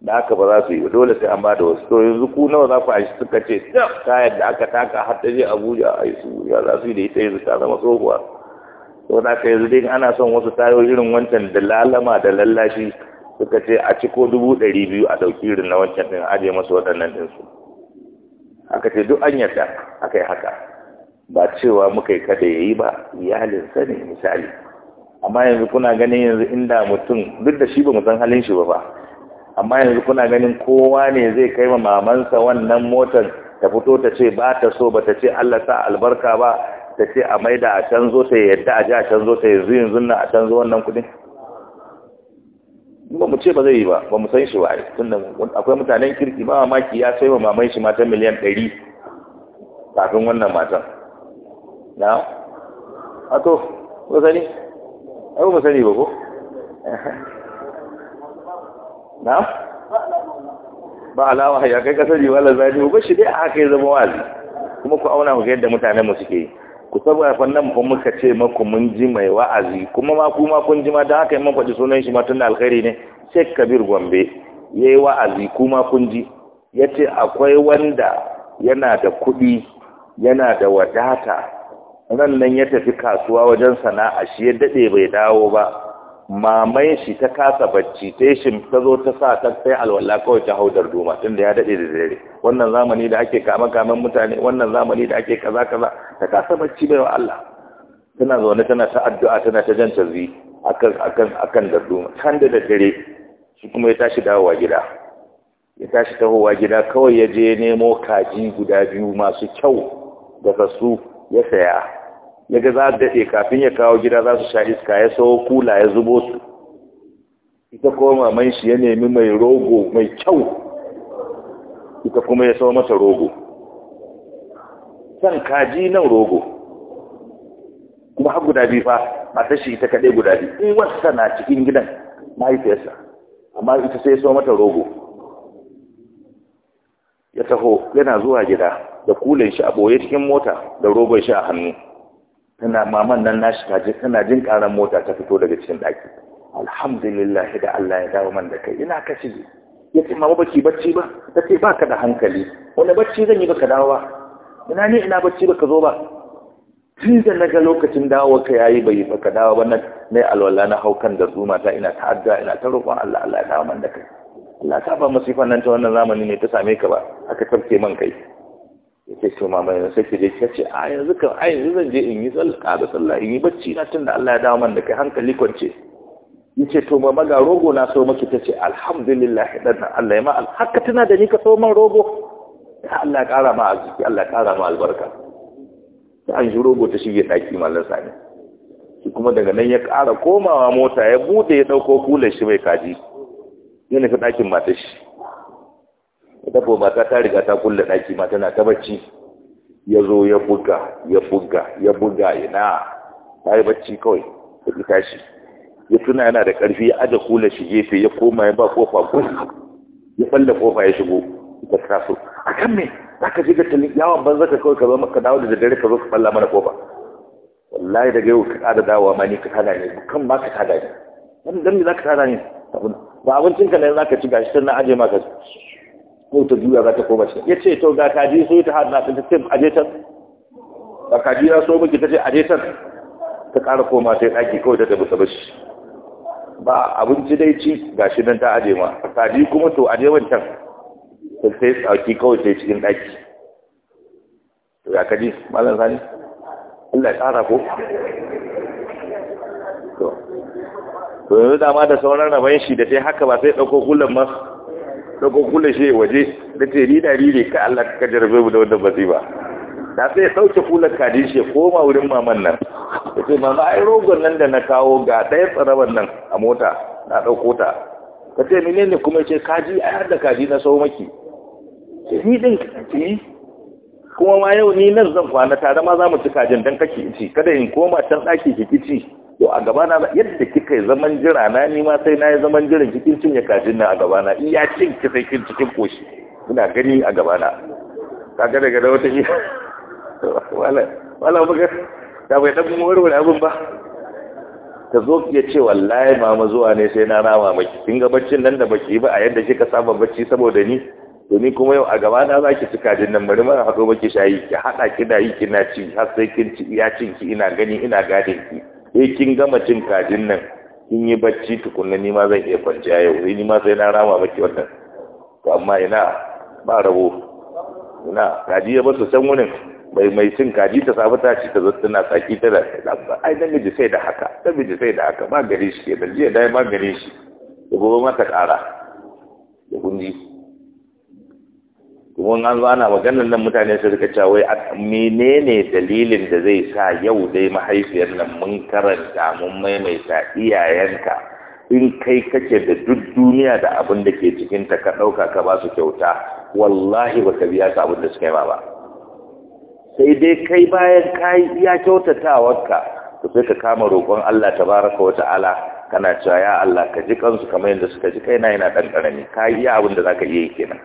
da aka ba za su yi dole sai an ba da wasu to yanzu ku nawa za ku a suka ce ta yadda aka taka har ta je abuja a yi su ya za su yi da ita yanzu ta zama tsohuwa to da aka yanzu dai ana son wasu tayoyi irin wancan da lalama da lallashi suka ce a ciko dubu ɗari biyu a ɗauki irin na wancan ɗin aje masu waɗannan ɗinsu aka ce duk an yarda aka yi haka ba cewa muka yi kada ya yi ba iyalinsa ne misali amma yanzu kuna ganin yanzu inda mutum duk da shi ba san halin shi ba ba amma yanzu kuna ganin kowa ne zai kai ma mamansa wannan motar ta fito ta ce ba ta so ba ta ce Allah sa albarka ba ta ce a maida a canzo ta yadda a ji a canzo ta yanzu yanzu na a canzo wannan kudin ba mu ce ba zai yi ba ba mu san shi ba tunda akwai mutanen kirki ba mamaki ya sai wa mamai shi mata miliyan ɗari kafin wannan matan na a to ko sani ai ba sani ba ko na ba alawa ya kai kasari wala zani ba shi dai aka yi zama wazi kuma ku auna muku yadda mutane mu suke yi ku saboda fannan fa muka ce maku mun ji mai wa'azi kuma ma ku ma kun ji ma don haka mun faɗi sunan shi ma tun da alkhairi ne Sheikh Kabir Gombe yayi wa'azi kuma kun ji yace akwai wanda yana da kuɗi yana da wadata nan nan ya tafi kasuwa wajen sana'a shi ya dade bai dawo ba mamai shi ta kasa bacci ta shi ta zo ta sa ta sai alwala kawai ta hau darduma duma da ya dade da dare wannan zamani da ake kama kaman mutane wannan zamani da ake kaza kaza ta kasa bacci bai wa Allah tana zaune tana ta addu'a tana ta jan tarzi akan akan akan darduma kan da dare shi kuma ya tashi dawowa gida ya tashi tahowa gida kawai ya je nemo kaji guda biyu masu kyau da su. ya saya ya ga za a daɗe kafin ya kawo gida za su sha iska ya sa kula ya zubo su ita kuma maman shi ya nemi mai rogo mai kyau ita kuma ya sawo mata rogo san kaji nan rogo kuma har guda biyu fa matar shi ita kaɗai guda biyu in wasa na cikin gidan mahaifiyarsa amma ita sai ya sawo mata rogo ya taho yana zuwa gida da kulan shi a boye cikin mota da rogon shi a hannu tana maman nan nashi ta ji tana jin karan mota ta fito daga cikin daki alhamdulillah da Allah ya dawo man da kai ina ka ya ce mama baki bacci ba ta ce ba ka da hankali wani bacci zan yi baka dawo ba ina ne ina bacci baka zo ba tun da na ga lokacin dawo ka yayi bai baka dawo ba na mai alwala na haukan da zuma ta ina ta'adda ina ta roƙon Allah Allah ya dawo man da kai Allah ta ba masifan nan ta wannan zamani ne ta same ka ba aka tafke man kai yake ce ma mai sai ka je ka ce a yanzu kan a yanzu zan je in yi sallah da sallah in yi bacci na tunda Allah ya dawo man da kai hankali kwance yace to ma ga rogo na so maki tace alhamdulillah dan Allah ya ma alhaka tana da ni ka so man rogo Allah ya kara ma aziki Allah ya kara ma albarka sai an ji rogo ta shige daki mallan sani shi kuma daga nan ya kara komawa mota ya bude ya dauko kulan shi mai kaji yana fi dakin matashi shi ita ko mata ta riga ta kulle ɗaki ma tana ta bacci ya zo ya buga ya buga ya buga yana ta yi bacci kawai ta ki tashi ya tuna yana da ƙarfi ya aje kula shi gefe ya koma ya ba kofa ko ya balle kofa ya shigo ta taso a kan me za ka je ga yawon ban ka kawai ka zo maka dawo da daddare ka zo ka balla mana kofa wallahi daga yau ka kada dawowa ma ni ka tada ne kan ma ka tada ne dan dan me za ka tada ne ba ka ne za ka ci gashi sannan aje ma ka ko ta juya za ta koma shi ya ce to ga kaji so ta hada ta ce a je can ga kaji ya so miki ta ce a je can ta kara koma sai daki kawai ta tafi sabashi ba abinci dai ci ga shi nan ta aje ma kaji kuma to aje wancan ta sai tsaki kawai sai cikin daki to ya kaji malam sani Allah ya tsara ko to to yanzu dama da sauran rabayin shi da sai haka ba sai ɗauko kullum ma da kula shi waje da ce ni dari ne ka Allah ka jarabe mu da wannan masifa da sai sauke kulan kadin shi koma wurin maman nan ya ce mama ai rogon nan da na kawo ga ɗaya tsaraban nan a mota na ɗauko ta ka ce mene ne kuma ce kaji a har da kaji na sau maki ni din kaji kuma ma yau ni nan zan kwana tare ma za mu ci kajin don kake ci kada in koma can ɗaki ki ci to a gaba na yadda kika yi zaman jira na ni ma sai na yi zaman jiran cikin cinye kajin na a gaba na iya cin ki sai kin cikin koshi ina gani a gaba na Ka ga daga da wata iya wala wala buga da bai dan warware abin ba ta zo ya ce wallahi mama zuwa ne sai na rama maki kin ga baccin nan da baki ba a yadda kika saba bacci saboda ni domin kuma yau a gaba na zaki ci jin nan bari mara haɗo baki shayi ki haɗa ki da yi kina ci har sai kin ci iya cin ki ina gani ina gadin ki eh kin gama cin kajin nan kin yi bacci tukunna ni ma zan iya kwanciya yau eh, ni ma sai na rama baki wannan to amma ina ba rabo ina kaji ya basu san wurin bai mai cin kaji ta safi ta ci ta zo tana saki ta da ai miji sai da haka miji sai da haka ba gare shi ke da jiya dai ba gare shi da gobe ma ta kara da kunji kuma an zo ana maganar nan mutane su rika cewa wai menene dalilin da zai sa yau dai mahaifiyar nan mun karanta mun maimaita iyayenka in kai kake da duk duniya da abin da ke cikinta ka ɗauka ka ba su kyauta wallahi ba ka biya su abin da suka yi ba sai dai kai bayan ka iya kyautatawarka ka sai ka kama roƙon Allah tabaraka wa ta'ala kana cewa ya Allah ka ji kansu kamar yadda suka ji kaina yana ɗan ƙarami ka yi abin da za ka iya yi kenan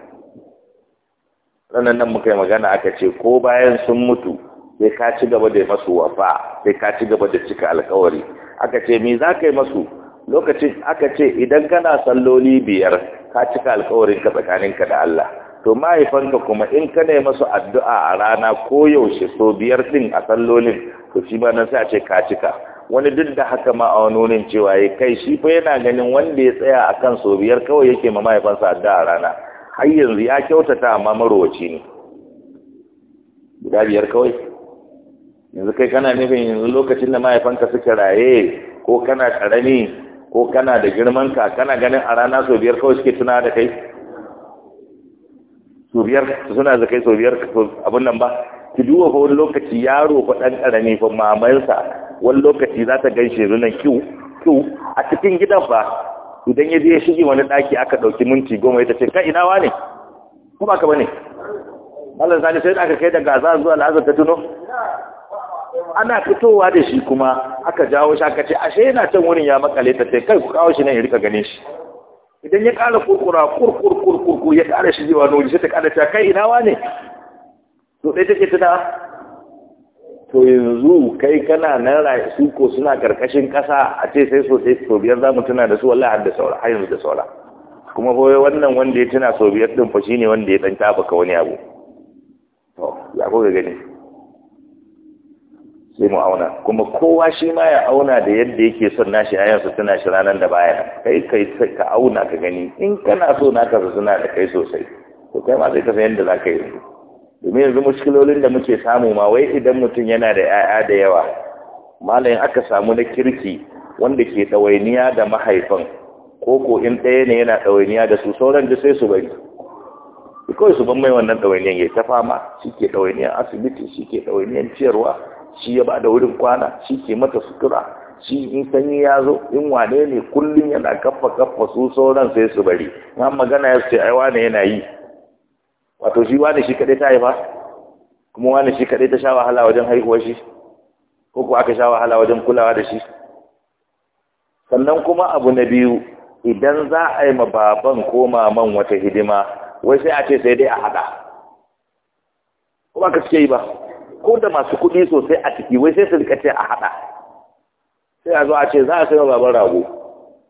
ranar nan muka yi magana aka ce ko bayan sun mutu sai ka ci gaba da masu wafa sai ka ci gaba da cika alkawari aka ce me za ka yi masu lokacin aka ce idan kana salloli biyar ka cika alkawarin ka tsakaninka da Allah to mahaifanka kuma in ka ne masu addu'a a rana ko yaushe so biyar din a sallolin to shi ma nan sai a ce ka cika wani duk da haka ma a wani cewa ya kai shi fa yana ganin wanda ya tsaya akan so biyar kawai yake ma mahaifansa addu'a a rana har yanzu ya kyautata amma marowaci ne guda biyar kawai yanzu kai kana nufin yanzu lokacin da mahaifanka suka raye ko kana karami ko kana da girman ka kana ganin a rana sau biyar kawai suke tuna da kai sau biyar su suna da kai sau biyar abin nan ba ki duba fa wani lokaci yaro fa ɗan ƙarami fa mamayinsa wani lokaci za ta shi zunan kiw kiw a cikin gidan ba idan ya je ya wani daki aka dauki minti goma ya tafi kai ina wane ko baka bane Allah zai sai aka kai daga azan zuwa lazar ta tuno ana fitowa da shi kuma aka jawo shi aka ce ashe yana can wurin ya makale ta sai kai ku kawo shi nan ya rika ganin shi idan ya kala kurkura kurkur kurkur ya kara shi zuwa nuri sai ta kara ta kai ina wane to dai take tana to yanzu kai kana nan rayu su ko suna karkashin kasa a ce sai so sai so biyar zamu tuna da su wallahi har da saura har yanzu da saura kuma boye wannan wanda ya tuna so biyar din fa shine wanda ya dan tabaka wani abu to ya ko ga gani sai mu auna kuma kowa shi ma ya auna da yadda yake son nashi yansu tana shi ranan da baya kai kai ka auna ka gani in kana so naka su suna da kai sosai to kai ma sai ka san yadda za ka yi domin yanzu muskilolin da muke samu ma wai idan mutum yana da 'ya'ya da yawa malayin aka samu na kirki wanda ke ɗawainiya da mahaifan ko ko in ɗaya ne yana ɗawainiya da su sauran da sai su bari kawai su ban mai wannan ɗawainiyan ya ta fama shi ke ɗawainiyan asibiti shi ke ɗawainiyan ciyarwa shi ya ba da wurin kwana shi ke mata sutura shi in sanyi ya zo in wane ne kullum yana kaffa kaffa su sauran sai su bari na magana ya ce ai wane yana yi wato shi wani shi kaɗai ta haifa kuma wani shi kaɗai ta sha wahala wajen haihuwar shi ko ko aka sha wahala wajen kulawa da shi sannan kuma abu na biyu idan za a yi ma baban ko maman wata hidima wai sai a ce sai dai a haɗa kuma ka suke yi ba ko da masu kuɗi sosai a ciki wai sai su rika ce a haɗa sai a zo a ce za a sai ma baban rago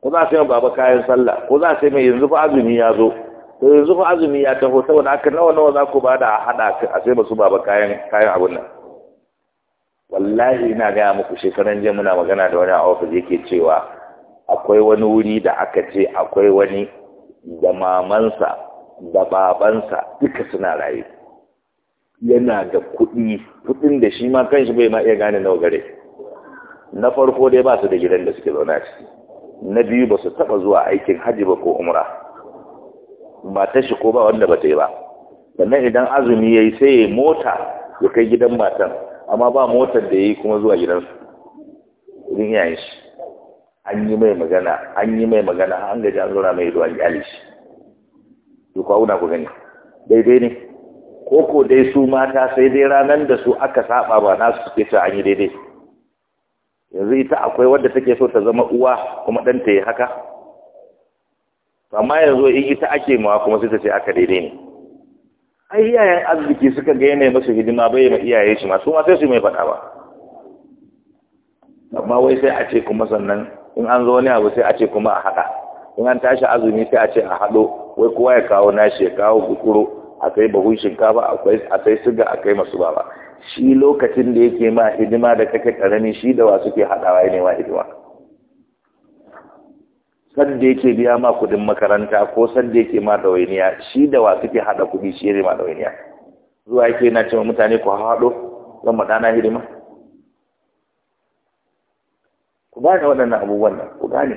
ko za a sai ma kayan sallah ko za a sai mai yanzu fa azumi ya zo to yanzu ko azumi ya taho saboda haka nawa nawa za ku ba da hada a sai ba su ba kayan kayan abun nan wallahi ina gaya muku shekaran jiya muna magana da wani a ofis yake cewa akwai wani wuri da aka ce akwai wani da mamansa da babansa duka suna raye yana da kuɗi kuɗin da shi ma kanshi bai ma iya gane nawa gare na farko dai ba su da gidan da suke zauna a ciki na biyu ba su taɓa zuwa aikin hajji ba ko umra matar shi ko ba wanda ba ta yi ba sannan idan azumi ya yi sai ya mota ya kai gidan matan amma ba motar da ya yi kuma zuwa gidansu irin yayin shi an yi mai magana an yi mai magana an gaji an zauna mai zuwa an shi to ku auna ku gani daidai ne ko ko dai su mata sai dai ranar da su aka saba ba nasu suke cewa an yi daidai yanzu ita akwai wadda take so ta zama uwa kuma ɗanta ya haka amma yanzu in ita ake mawa kuma sai ta ce aka daidai ne ai iyayen arziki suka ga yanayin masu hidima bai ma iyaye shi masu ma sai su mai faɗa ba amma wai sai a ce kuma sannan in an zo wani abu sai a ce kuma a haɗa in an tashi azumi sai a ce a haɗo wai kowa ya kawo nashi ya kawo kukuro a kai bahun shinkafa a kai siga a kai masu baba shi lokacin da yake ma hidima da kake karami shi da wa suke haɗawa ne ma hidima sanda yake biya ma kudin makaranta ko sanda yake ma ɗawainiya shi da wa suke haɗa kuɗi shi ne ma ɗawainiya zuwa yake na cewa mutane ku haɗo zan ma ɗana hidima ku gane waɗannan abubuwan nan ku gane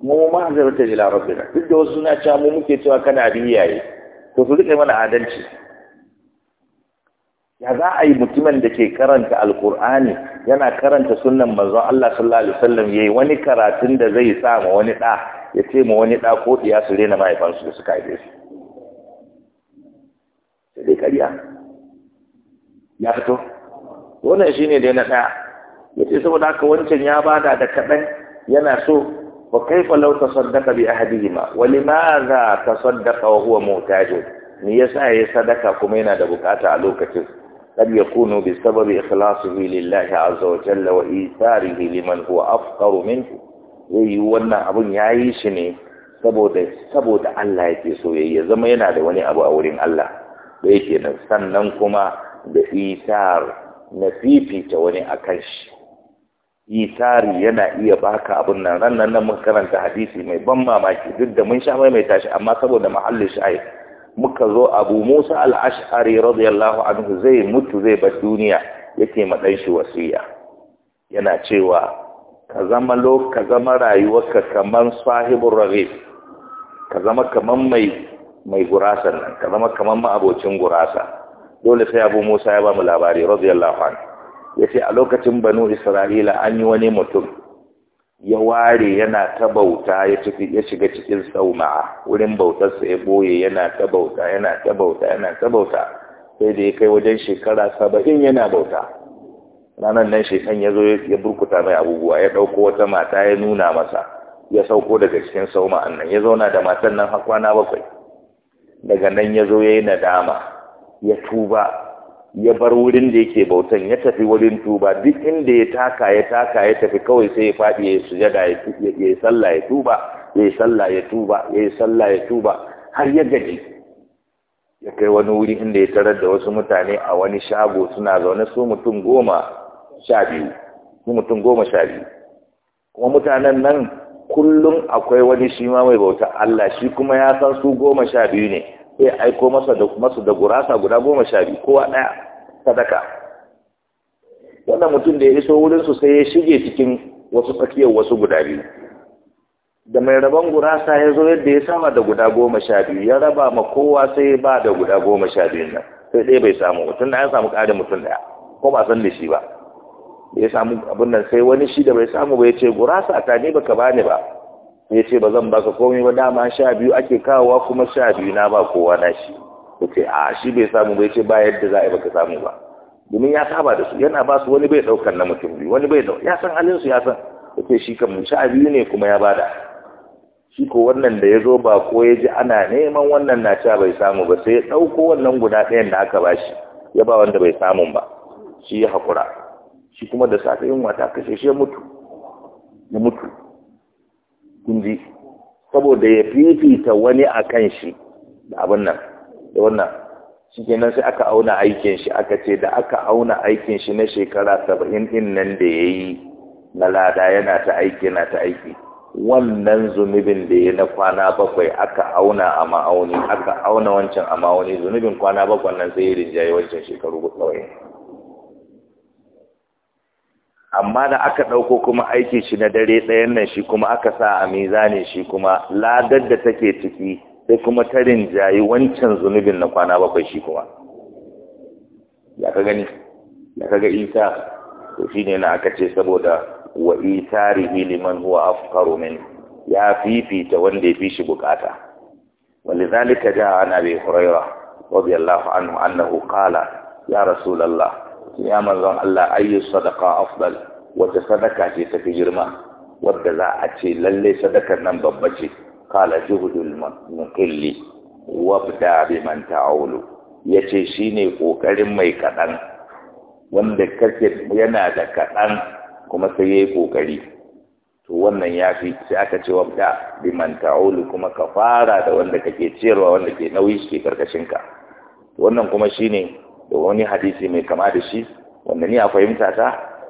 kuma mu ma hanzarta ila rabbina duk da wasu suna cewa mu muke cewa kana abin yaye to su rike mana adalci ya za a yi mutumin da ke karanta alkur'ani yana karanta sunan manzon Allah sallallahu alaihi wasallam yayi wani karatun da zai sa ma wani da ya ce ma wani da ko diya su rena mahaifansu da suka haife su sai dai kariya ya fito wannan shine dai na Ya yace saboda haka wancan ya bada da kadan yana so wa kaifa law tasaddaqa bi ahadihima wa limadha tasaddaqa wa huwa muhtajun me yasa yayi sadaka kuma yana da bukata a lokacin قد يكون بسبب إخلاصه لله عز وجل وإيثاره لمن هو أفقر منه zai yi wannan abun ya yi shi ne saboda Allah yake so ya zama yana da wani abu a wurin Allah da yake nan sannan kuma da isar na fifita wani akan shi isari yana iya baka abun nan ran nan mun hadisi mai ban mamaki duk da mun sha maimaita shi, amma saboda muhallin shi muka zo abu musa al'ashari radiyallahu anhu zai mutu zai bar duniya yake maɗan shi wasiya yana cewa ka zama ka zama rayuwarka kamar sahibin ragib ka zama kamar mai mai nan ka zama kamar ma'abocin gurasa dole sai abu musa ya ba mu labari radiyallahu anhu yace a lokacin banu isra'ila an yi wani mutum ya ware yana ta bauta ya shiga cikin sauma'a wurin bautarsa ya boye yana ta bauta yana ta bauta yana ta bauta sai da ya kai wajen shekara saba'in yana bauta ranar nan shekan ya zo ya burkuta mai abubuwa ya ɗauko wata mata ya nuna masa ya sauko daga cikin sauma'an nan ya zauna da matan nan har kwana bakwai daga nan ya zo ya yi nadama ya tuba ya bar wurin da yake bautan ya tafi wurin tuba duk inda ya taka ya taka ya tafi kawai sai ya faɗi ya sujada ya yi sallah ya tuba ya yi ya tuba ya yi ya tuba har ya gaji ya kai wani wuri inda ya tarar da wasu mutane a wani shago suna zaune su mutum goma sha biyu su mutum goma sha biyu kuma mutanen nan kullum akwai wani shi ma mai bauta Allah shi kuma ya san su goma sha biyu ne sai aiko masa da masu da gurasa guda goma sha biyu kowa ɗaya sadaka wannan mutum da ya iso wurinsu sai ya shige cikin wasu tsakiyar wasu guda biyu da mai rabon gurasa ya zo yadda ya sama da guda goma sha biyu ya raba ma kowa sai ba da guda goma sha biyun nan sai ɗaya bai samu mutum da ya samu ƙarin mutum ɗaya ko ba san da shi ba ya samu abin nan sai wani shi da bai samu ba ya ce gurasa ta ne baka bani ba ya ce ba zan baka komai ba dama sha biyu ake kawowa kuma sha biyu na ba kowa na shi ya ce a ah, shi bai samu bai ce ba yadda za a yi baka samu ba domin ya saba da su yana ba su wani bai daukar na mutum biyu wani bai daukar ya san halin su ya san ya ce shi kan sha biyu ne kuma ya bada shi ko wannan da ya zo ba ko ya ji ana neman wannan na cewa bai samu ba sai ya ɗauko wannan guda ɗayan da aka bashi ya ba wanda bai samun ba shi ya haƙura shi kuma da safe yin wata kashe shi ya mutu ya mutu kun ji saboda ya fifita wani a kan shi da abin nan da wannan nan sai aka auna aikin shi aka ce da aka auna aikin shi na shekara saba'in din nan da ya yi na lada yana ta aiki na ta aiki wannan zunubin da ya na kwana bakwai aka auna a ma'auni aka auna wancan a ma'auni zunubin kwana bakwai nan sai ya rinjaye wancan shekaru kawai amma da aka ɗauko kuma aiki shi na dare ɗayan nan shi kuma aka sa a mizanin shi kuma ladar da take ciki sai kuma tarin jayi wancan zunubin na kwana bakwai shi kuma ya ka ga isa to shi ne na aka ce saboda wa isa rihili man huwa afkaru min ya fifita wanda ya fi shi bukata wani zalika ja a nabi huraira wabi allah anhu annahu kala ya rasulallah ya manzon allah ayyu sadaka afdal wata sadaka ce tafi girma wadda za a ce lallai sadakar nan babba ce kala juhudul muqilli wabda biman ta'awulu yace shine kokarin mai kadan wanda kake yana da kadan kuma sai yayi kokari to wannan yafi sai aka ce wabda biman ta'ulu kuma ka fara da wanda kake ciyarwa wanda ke nauyi shi karkashin ka wannan kuma shine da wani hadisi mai kama da shi wanda ni a fahimta ta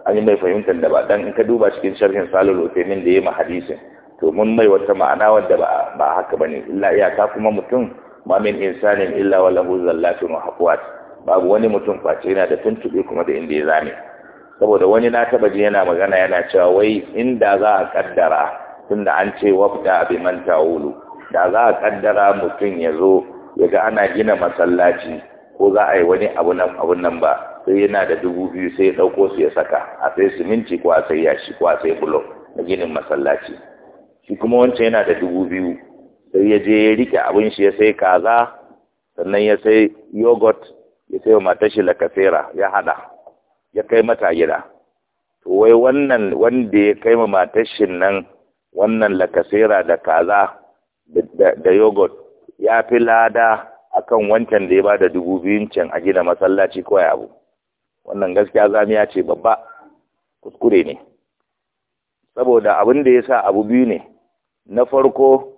an yi mai fahimtar da ba dan in ka duba cikin sharhin salul utaimin da ya ma hadisin to mun mai wata ma'ana wanda ba haka bane illa iyaka kuma mutum ma min insanin illa wa lahu zallatun wa haqwat babu wani mutum face yana da tuntube kuma da inda ya zame saboda wani na taba ji yana magana yana cewa wai inda za a kaddara tunda an ce wabda bi man ta'ulu da za a kaddara mutum ya zo ya ga ana gina masallaci ko za a yi wani abu nan abu nan ba sai yana da dubu biyu sai ya dauko su ya saka a sai siminti ko a sai yashi ko a sai bulo na ginin masallaci shi kuma wancan yana da dubu biyu sai ya je ya rike abin shi ya sai kaza sannan ya sai yogurt ya sai wa matar shi lakasera ya hada ya kai mata gida to wai wannan wanda ya kai ma matar shi nan wannan lakasera da kaza da yogurt ya fi lada akan wancan da ya ba da dubu biyun can a gina masallaci ko abu wannan gaskiya zamiya ce babba kuskure ne saboda abin da ya sa abu biyu ne na farko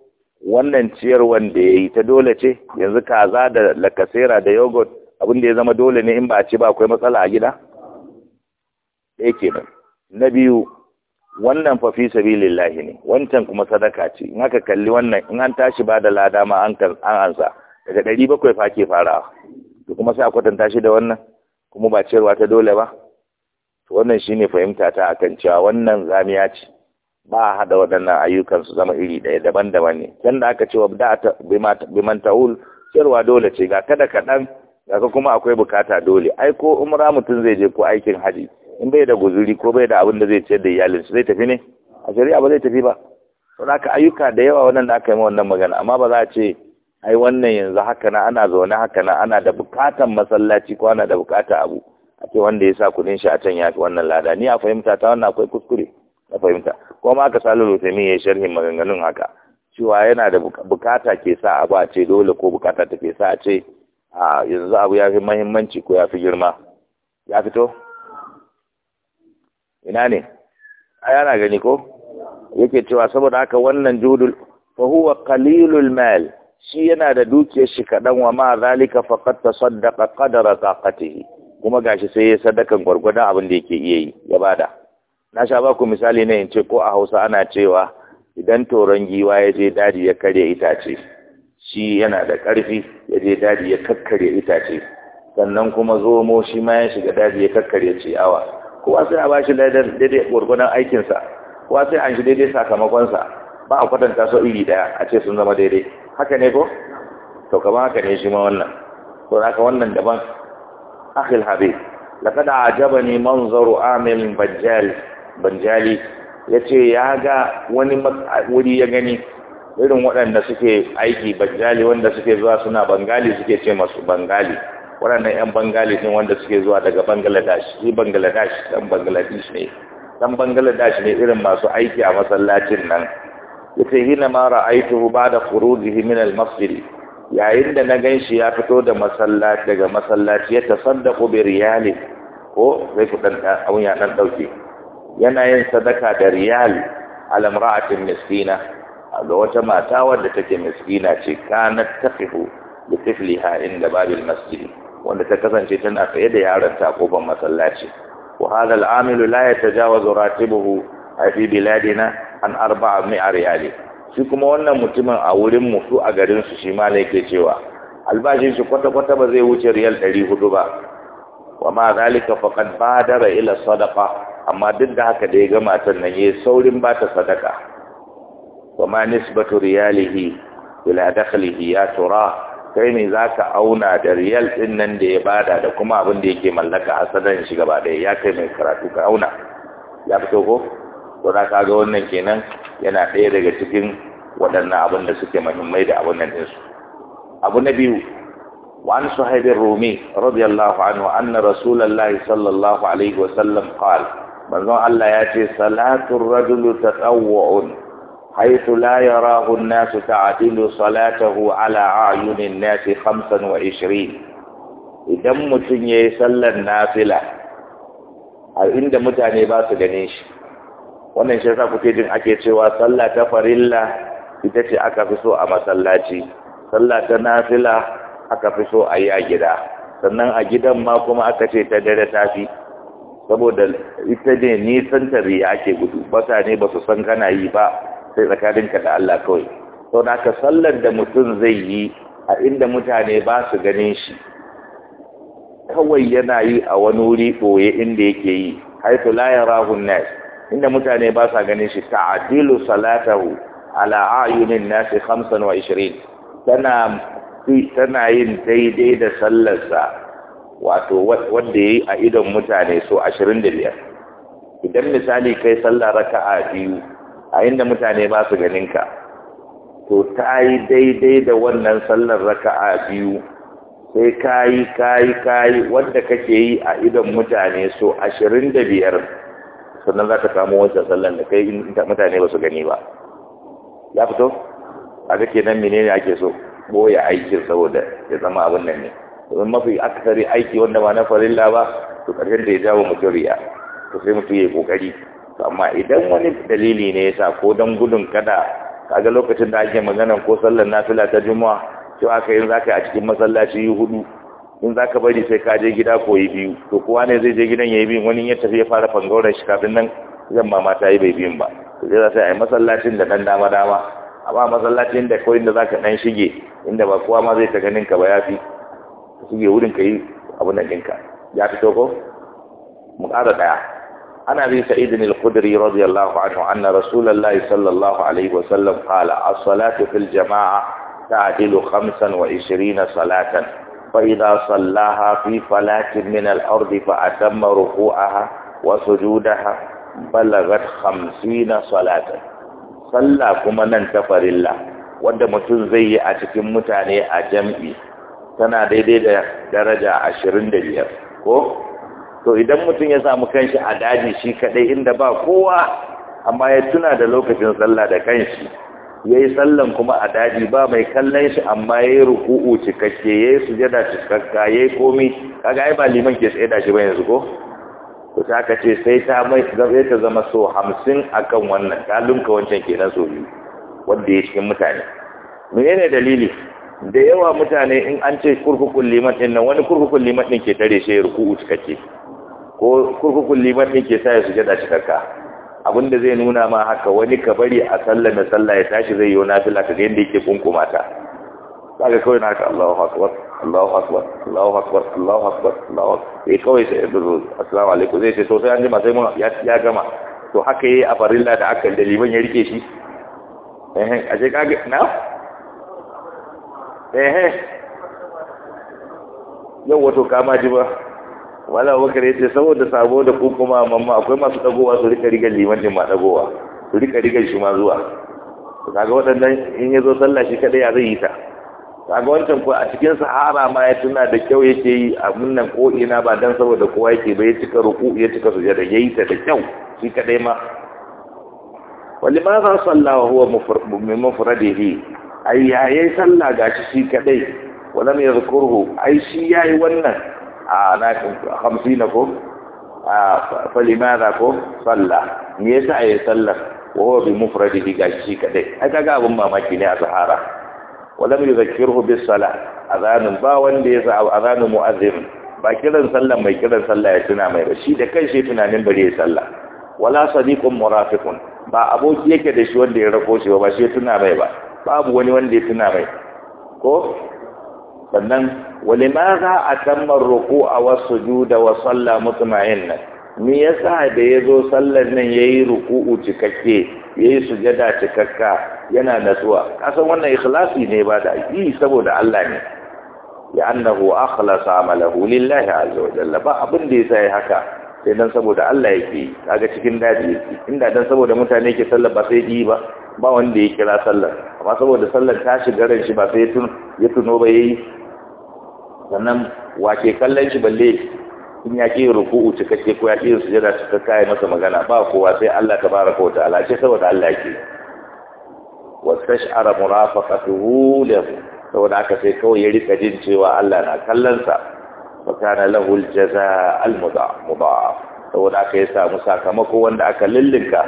wannan ciyar wanda ya yi ta dole ce yanzu kaza da lakasera da yogurt abin da ya zama dole ne in ba a ci ba akwai matsala a gida ɗaya kenan na biyu wannan fa fi sabilillahi ne wancan kuma sadaka ce in aka kalli wannan in an tashi ba da lada ma an ansa daga ɗari bakwai fa ke farawa to kuma sai a kwatanta shi da wannan kuma ba ciyarwa ta dole ba to wannan shine fahimta ta akan cewa wannan zamiya ce ba a hada waɗannan ayyukan su zama iri ɗaya daban-daban ne can da aka ce da ta biman tawul sirwa dole ce ga kada kaɗan ga kuma akwai bukata dole ai ko umra mutum zai je ko aikin haji in bai da guzuri ko bai da abin da zai ciyar da iyalinsu zai tafi ne a shari'a ba zai tafi ba don haka ayyuka da yawa wannan da aka yi wannan magana amma ba za a ce ai wannan yanzu haka na ana zaune haka na ana da bukatan masallaci ko ana da bukata abu a ce wanda ya sa kudin shi a can ya fi wannan lada ni a fahimta ta wannan akwai kuskure na fahimta kuma aka sa ta ya sharhin maganganun haka cewa yana da bukata ke sa abu a ce dole ko bukata ta ke sa a ce a yanzu abu ya fi mahimmanci ko ya fi girma ya fito ina ne a yana gani ko yake cewa saboda haka wannan judul fa huwa qalilul mal shi yana da dukiyar shi kaɗan wa ma zalika faqad tasaddaqa qadara taqatihi kuma gashi sai ya sadakan gwargwadon abin da yake iya yi ya bada na sha baku misali ne in ce ko a hausa ana cewa idan toron giwa ya je daji ya karya itace shi yana da ƙarfi ya je daji ya kakkarya itace sannan kuma zomo shi ma ya shiga daji ya kakkarya ciyawa kowa sai a ba shi daidai gwargwadon aikinsa kowa sai an shi daidai sakamakonsa ba a kwatanta su iri daya a ce sun zama daidai haka ne ko to kamar haka ne shi ma wannan to haka wannan daban akhil habib laqad ajabani manzaru amil bajjal banjali ya ce ya ga wani wuri ya gani irin waɗanda suke aiki banjali wanda suke zuwa suna bangali suke ce masu bangali waɗannan 'yan bangali ne wanda suke zuwa daga bangaladashi shi bangaladashi ɗan bangaladashi ne ɗan bangaladashi ne irin masu aiki a masallacin nan ya ce hina ma ra'aituhu ba da furujihi min al yayin da na gan shi ya fito da masallaci daga masallaci ya tasaddaqu bi riyali ko zai ku abun ya ɗan ɗauke yana yin sadaka da riyal alamra'atin miskina ga wata mata wadda take miskina ce kanat tafihu da tifliha inda babin masjid wanda ta kasance tana tsaye da yaran ta kofar masallaci wa hadha al'amilu la yatajawazu ratibuhu a fi biladina an arba'a a riyali shi kuma wannan mutumin a wurin mu su a garin su shi ma ne ke cewa albashin shi kwata-kwata ba zai wuce riyal ɗari 400 ba wa ma zalika ba dara ila sadaka amma duk da haka da ya ga matan nan yayi saurin ba ta sadaka wa ma nisbatu riyalihi ila dakhlihi ya tura kai ne zaka auna da riyal din nan da ya bada da kuma abin da yake mallaka a sadan shi gaba daya ya kai mai karatu ka auna ya fito ko to da kaga wannan kenan yana ɗaya daga cikin waɗannan abin da suke muhimmai da abin nan ɗinsu abu na biyu وعن صهيب الرومي رضي الله عنه أن رسول الله صلى الله عليه وسلم قال manzon Allah ya ce salatul rajulu tatawwu'un haythu la yarahu an-nas ta'dilu salatahu ala ayunin nas 25 idan mutum yayi sallar nafila a inda mutane ba su gane shi wannan shi yasa kuke jin ake cewa sallah ta farilla ita ce aka fi so a masallaci sallah ta nafila aka fi so a yi a gida sannan a gidan ma kuma aka ce ta dare tafi saboda ita ne nisan riya ake gudu basa ne ba su san kana yi ba sai tsakaninka da Allah kawai sau da ka sallar da mutum zai yi a inda mutane ba su ganin shi kawai yana yi a wani wuri ɓoye inda yake yi haifu layan rahun nas inda mutane ba sa ganin shi ta adilu salatahu ala ayunin nasi 25 tana tana yin daidai da sallarsa wato wanda ya yi a idon mutane so ashirin idan misali kai sallar raka a biyu a inda mutane ba su ganinka to ta yi daidai da wannan sallar raka a biyu sai kayi kayi kayi wanda kake yi a idon mutane so ashirin da biyar sannan za ka samu wancan sallar da kai mutane ba su gani ba ya fito a kake nan menene ake so boye aikin saboda ya zama abin nan ne mafi akasari aiki wanda ba na farilla ba to karshen da ya jawo mutum riya to sai mutum ya yi kokari to amma idan wani dalili ne ya sa ko don gudun kada ka ga lokacin da ake magana ko sallar nafila ta juma'a to aka yin zaka a cikin masallaci yi hudu in zaka bari sai ka je gida ko yi biyu to kowa ne zai je gidan ya yi biyu wani ya tafi ya fara fangauran shi kafin nan zan mama ta yi bai biyun ba to sai za a yi masallacin da dan dama dama amma masallacin da ko za zaka dan shige inda ba kowa ma zai ta ganin ka ba ya fi. suke wurin ka yi abin da ɗinka ya fi toko? mu ƙara ɗaya ana bi sa idin al-kudiri radiyallahu anhu anna rasulallahi sallallahu alaihi wasallam kala a salatu fil jama'a ta adilu khamsan wa ishirina salatan fa sallaha fi min al-ardi fa atamma ruku'aha wa sujudaha balagat salatan salla kuma nan tafarilla wanda mutum zai yi a cikin mutane a jam'i tana daidai da daraja ashirin da biyar ko to idan mutum ya samu kanshi a daji shi kaɗai inda ba kowa amma ya tuna da lokacin sallah da kanshi ya yi sallan kuma a daji ba mai kallon shi amma ya yi ruku'u cikakke ya yi sujada cikakka ya yi komi kaga ai ba liman ke tsaye da shi ba yanzu ko to ta ka ce sai ta mai zai ta zama so hamsin akan wannan ta lunka wancan kenan so biyu wanda ya cikin mutane menene dalili da yawa mutane in an ce kurkukun liman ɗin nan wani kurkukun liman ɗin ke tare shi ya ruku'u cikakke ko kurkukun liman din ke sa ya sujada cikakka karka abinda zai nuna ma haka wani ka bari a sallah na sallah ya tashi zai yi nafila kaga yadda yake kunkuma ta kaga kawai na ka Allahu akbar Allahu akbar Allahu akbar Allahu akbar Allahu akbar sai eh, kawai sai assalamu alaikum zai ce to sai an jima sai mun ya gama to haka yayi a farilla da aka da liman ya rike shi eh a ce kaga na ehe yau wato kama ji ba wala wakar ya ce saboda sabo da ku kuma mamma akwai masu dagowa su rika rigar limanin ma dagowa su rika rigar shi ma zuwa kaga waɗannan in ya zo sallah shi kaɗai ya zai yi ta kaga wancan ko a cikin sahara ma ya tuna da kyau yake yi a munnan ko ina ba dan saboda kowa yake ba ya cika ruku ya cika sujada ya yi ta da kyau shi kaɗai ma walimaza sallah wa huwa min mufradihi ai yayi sallah gashi shi kadai mai yadhkuruhu ai shi yayi wannan a na 50 ko a falimada ko sallah me yasa ayi sallah wa huwa bi mufradihi gashi shi kadai ai kaga abun mamaki ne a zahara. sahara mai yadhkuruhu bis salah azanin ba wanda ya sa azanin mu'azzin ba kiran sallah mai kiran sallah ya tuna mai ba shi da kai shi tunanin bare sallah wala sadiqun murafiqun ba aboki yake da shi wanda ya rako shi ba shi ya tuna bai ba babu wani wanda ya tuna bai ko sannan walimaza atamma ruku'a was-sujuda wa salla mutma'inna me yasa da yazo sallar nan yayi ruku'u cikakke yayi sujada cikakka yana natsuwa kasan wannan ikhlasi ne ba da yi saboda Allah ne ya annahu akhlasa amalahu lillahi azza wa jalla ba abin da sayi haka sai dan saboda Allah yake kaga cikin daji yake inda dan saboda mutane ke sallar ba sai yi ba ba wanda ya kira sallar amma saboda sallar ta shiga ran shi ba sai ya tuno ba yayi sannan wace kallon shi balle in ya ke ruku'u cikakke ko ya ke sujada cikakka kaya masa magana ba kowa sai Allah tabaraka wa ta'ala ce saboda Allah yake tash'ara murafaqatuhu lahu saboda aka sai kawai ya rika jin cewa Allah na kallon sa fa kana lahu aljazaa saboda aka yi samu sakamako wanda aka lillinka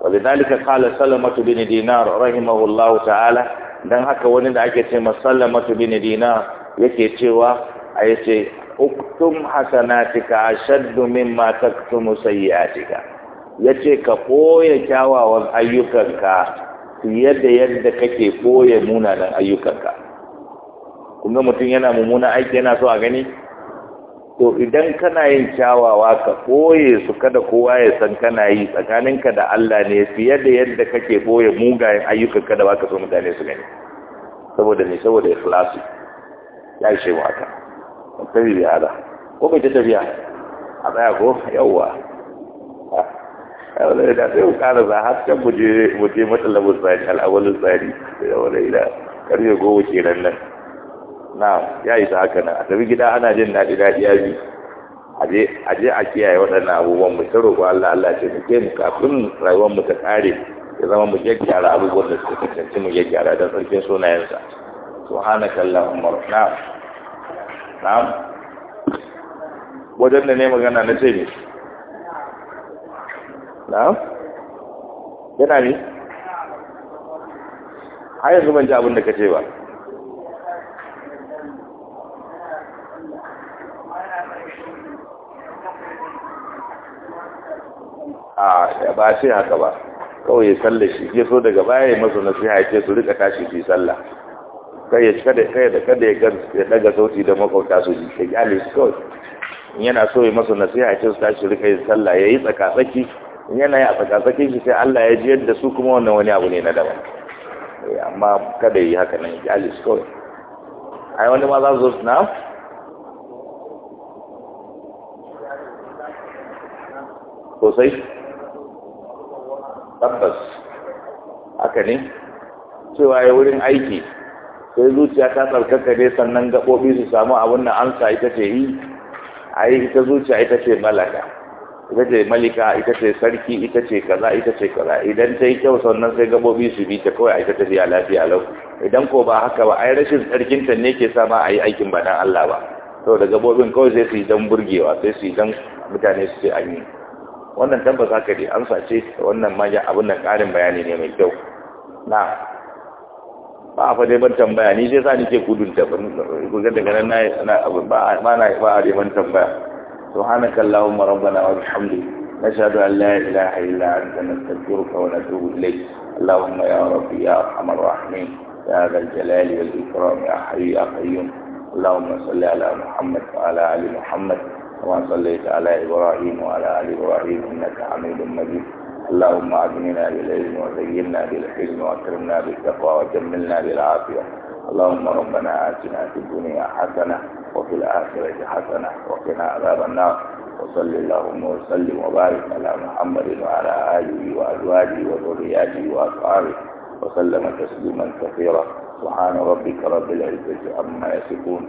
walidhalika qala salamatu bin dinar rahimahullahu ta'ala dan haka wani da ake ce masallamatu bin dinar yake cewa a yace uktum hasanatika ashaddu mimma taktumu sayyi'atika yace ka koya kyawawan ayyukanka fiye da yadda kake koya munanan ayyukanka kuma mutum yana mummuna aiki yana so a gani to idan kana yin kyawawa ka koye su kada kowa ya san kana yi tsakaninka da Allah ne fiye da yadda kake ɓoye mugayen ayyukan kada baka so mutane su gani saboda ne saboda ikhlasi ya ishe mu haka tafi da ko bai ta tafiya a tsaya ko yawwa wani da dace ku kada za har can mu je matsalar tsari al'awalin tsari da wani da karfe goma nan nan na ya isa haka nan a tafi gida ana jin daɗi daɗi ya bi a je a kiyaye waɗannan abubuwan mu taro, ko Allah Allah ce mu mu kafin rayuwar mu ta kare ya zama mu gyara abubuwan da suka kasance mu gyara don tsarkin sunayensa subhanaka allahumma na'am na'am wajen da ne magana na ce ne na'am yana ne har yanzu ban ji abin da ka ce ba a ba sai haka ba kawai ya sallar shi ya so daga baya ya masu nasiha ya ce su rika tashi su yi sallah kai ya da kai da kada ya ya daga sauti da makwauta su ji ya gyale su kawai yana so ya masu nasiha ya ce su tashi rika yin sallah ya yi tsakatsaki In yana yi a tsakatsakin shi sai Allah ya ji yadda su kuma wannan wani abu ne na daban eh, amma kada yi haka nan ya kyale su kawai ai wani ma za su zo su na sosai tabbas haka ne cewa ya wurin aiki sai zuciya ta tsarkaka ne sannan gaɓoɓi su samu abin da amsa ita ce yi a yi ita zuciya ita ce malaka ita ce malika ita ce sarki ita ce kaza ita ce kaza idan ta yi kyau sannan sai gaɓoɓi su bi ta kawai a ita tafiya lafiya lau idan ko ba haka ba ai rashin tsarkinta ne ke sa ma a yi aikin ba dan Allah ba saboda gaɓoɓin kawai sai su yi don burgewa sai su yi don mutane su ce yi. wannan tabbas ka dai an sace wannan ma ya abin nan karin bayani ne mai kyau na ba fa dai ban tambaya ni sai sa nake gudun ta ku ga daga nan na abin ba ma na ba dai ban tambaya subhanaka allahumma rabbana wa bihamdik nashhadu an la ilaha illa anta nastaghfiruka wa natubu ilayk allahumma ya rabbi ya arhamar rahimin ya dhal jalali wal ikram ya hayy ya qayyum اللهم صل على محمد وعلى ال محمد كما صليت على إبراهيم وعلى آل إبراهيم إنك حميد مجيد اللهم أغننا بالعلم وزينا بالحلم وأكرمنا بالتقوى وجملنا بالعافية اللهم ربنا آتنا في الدنيا حسنة وفي الآخرة حسنة وقنا عذاب النار وصل اللهم وسلم وبارك على محمد وعلى آله وأزواجه وذرياته وأصحابه وسلم تسليما كثيرا سبحان ربك رب العزة عما يصفون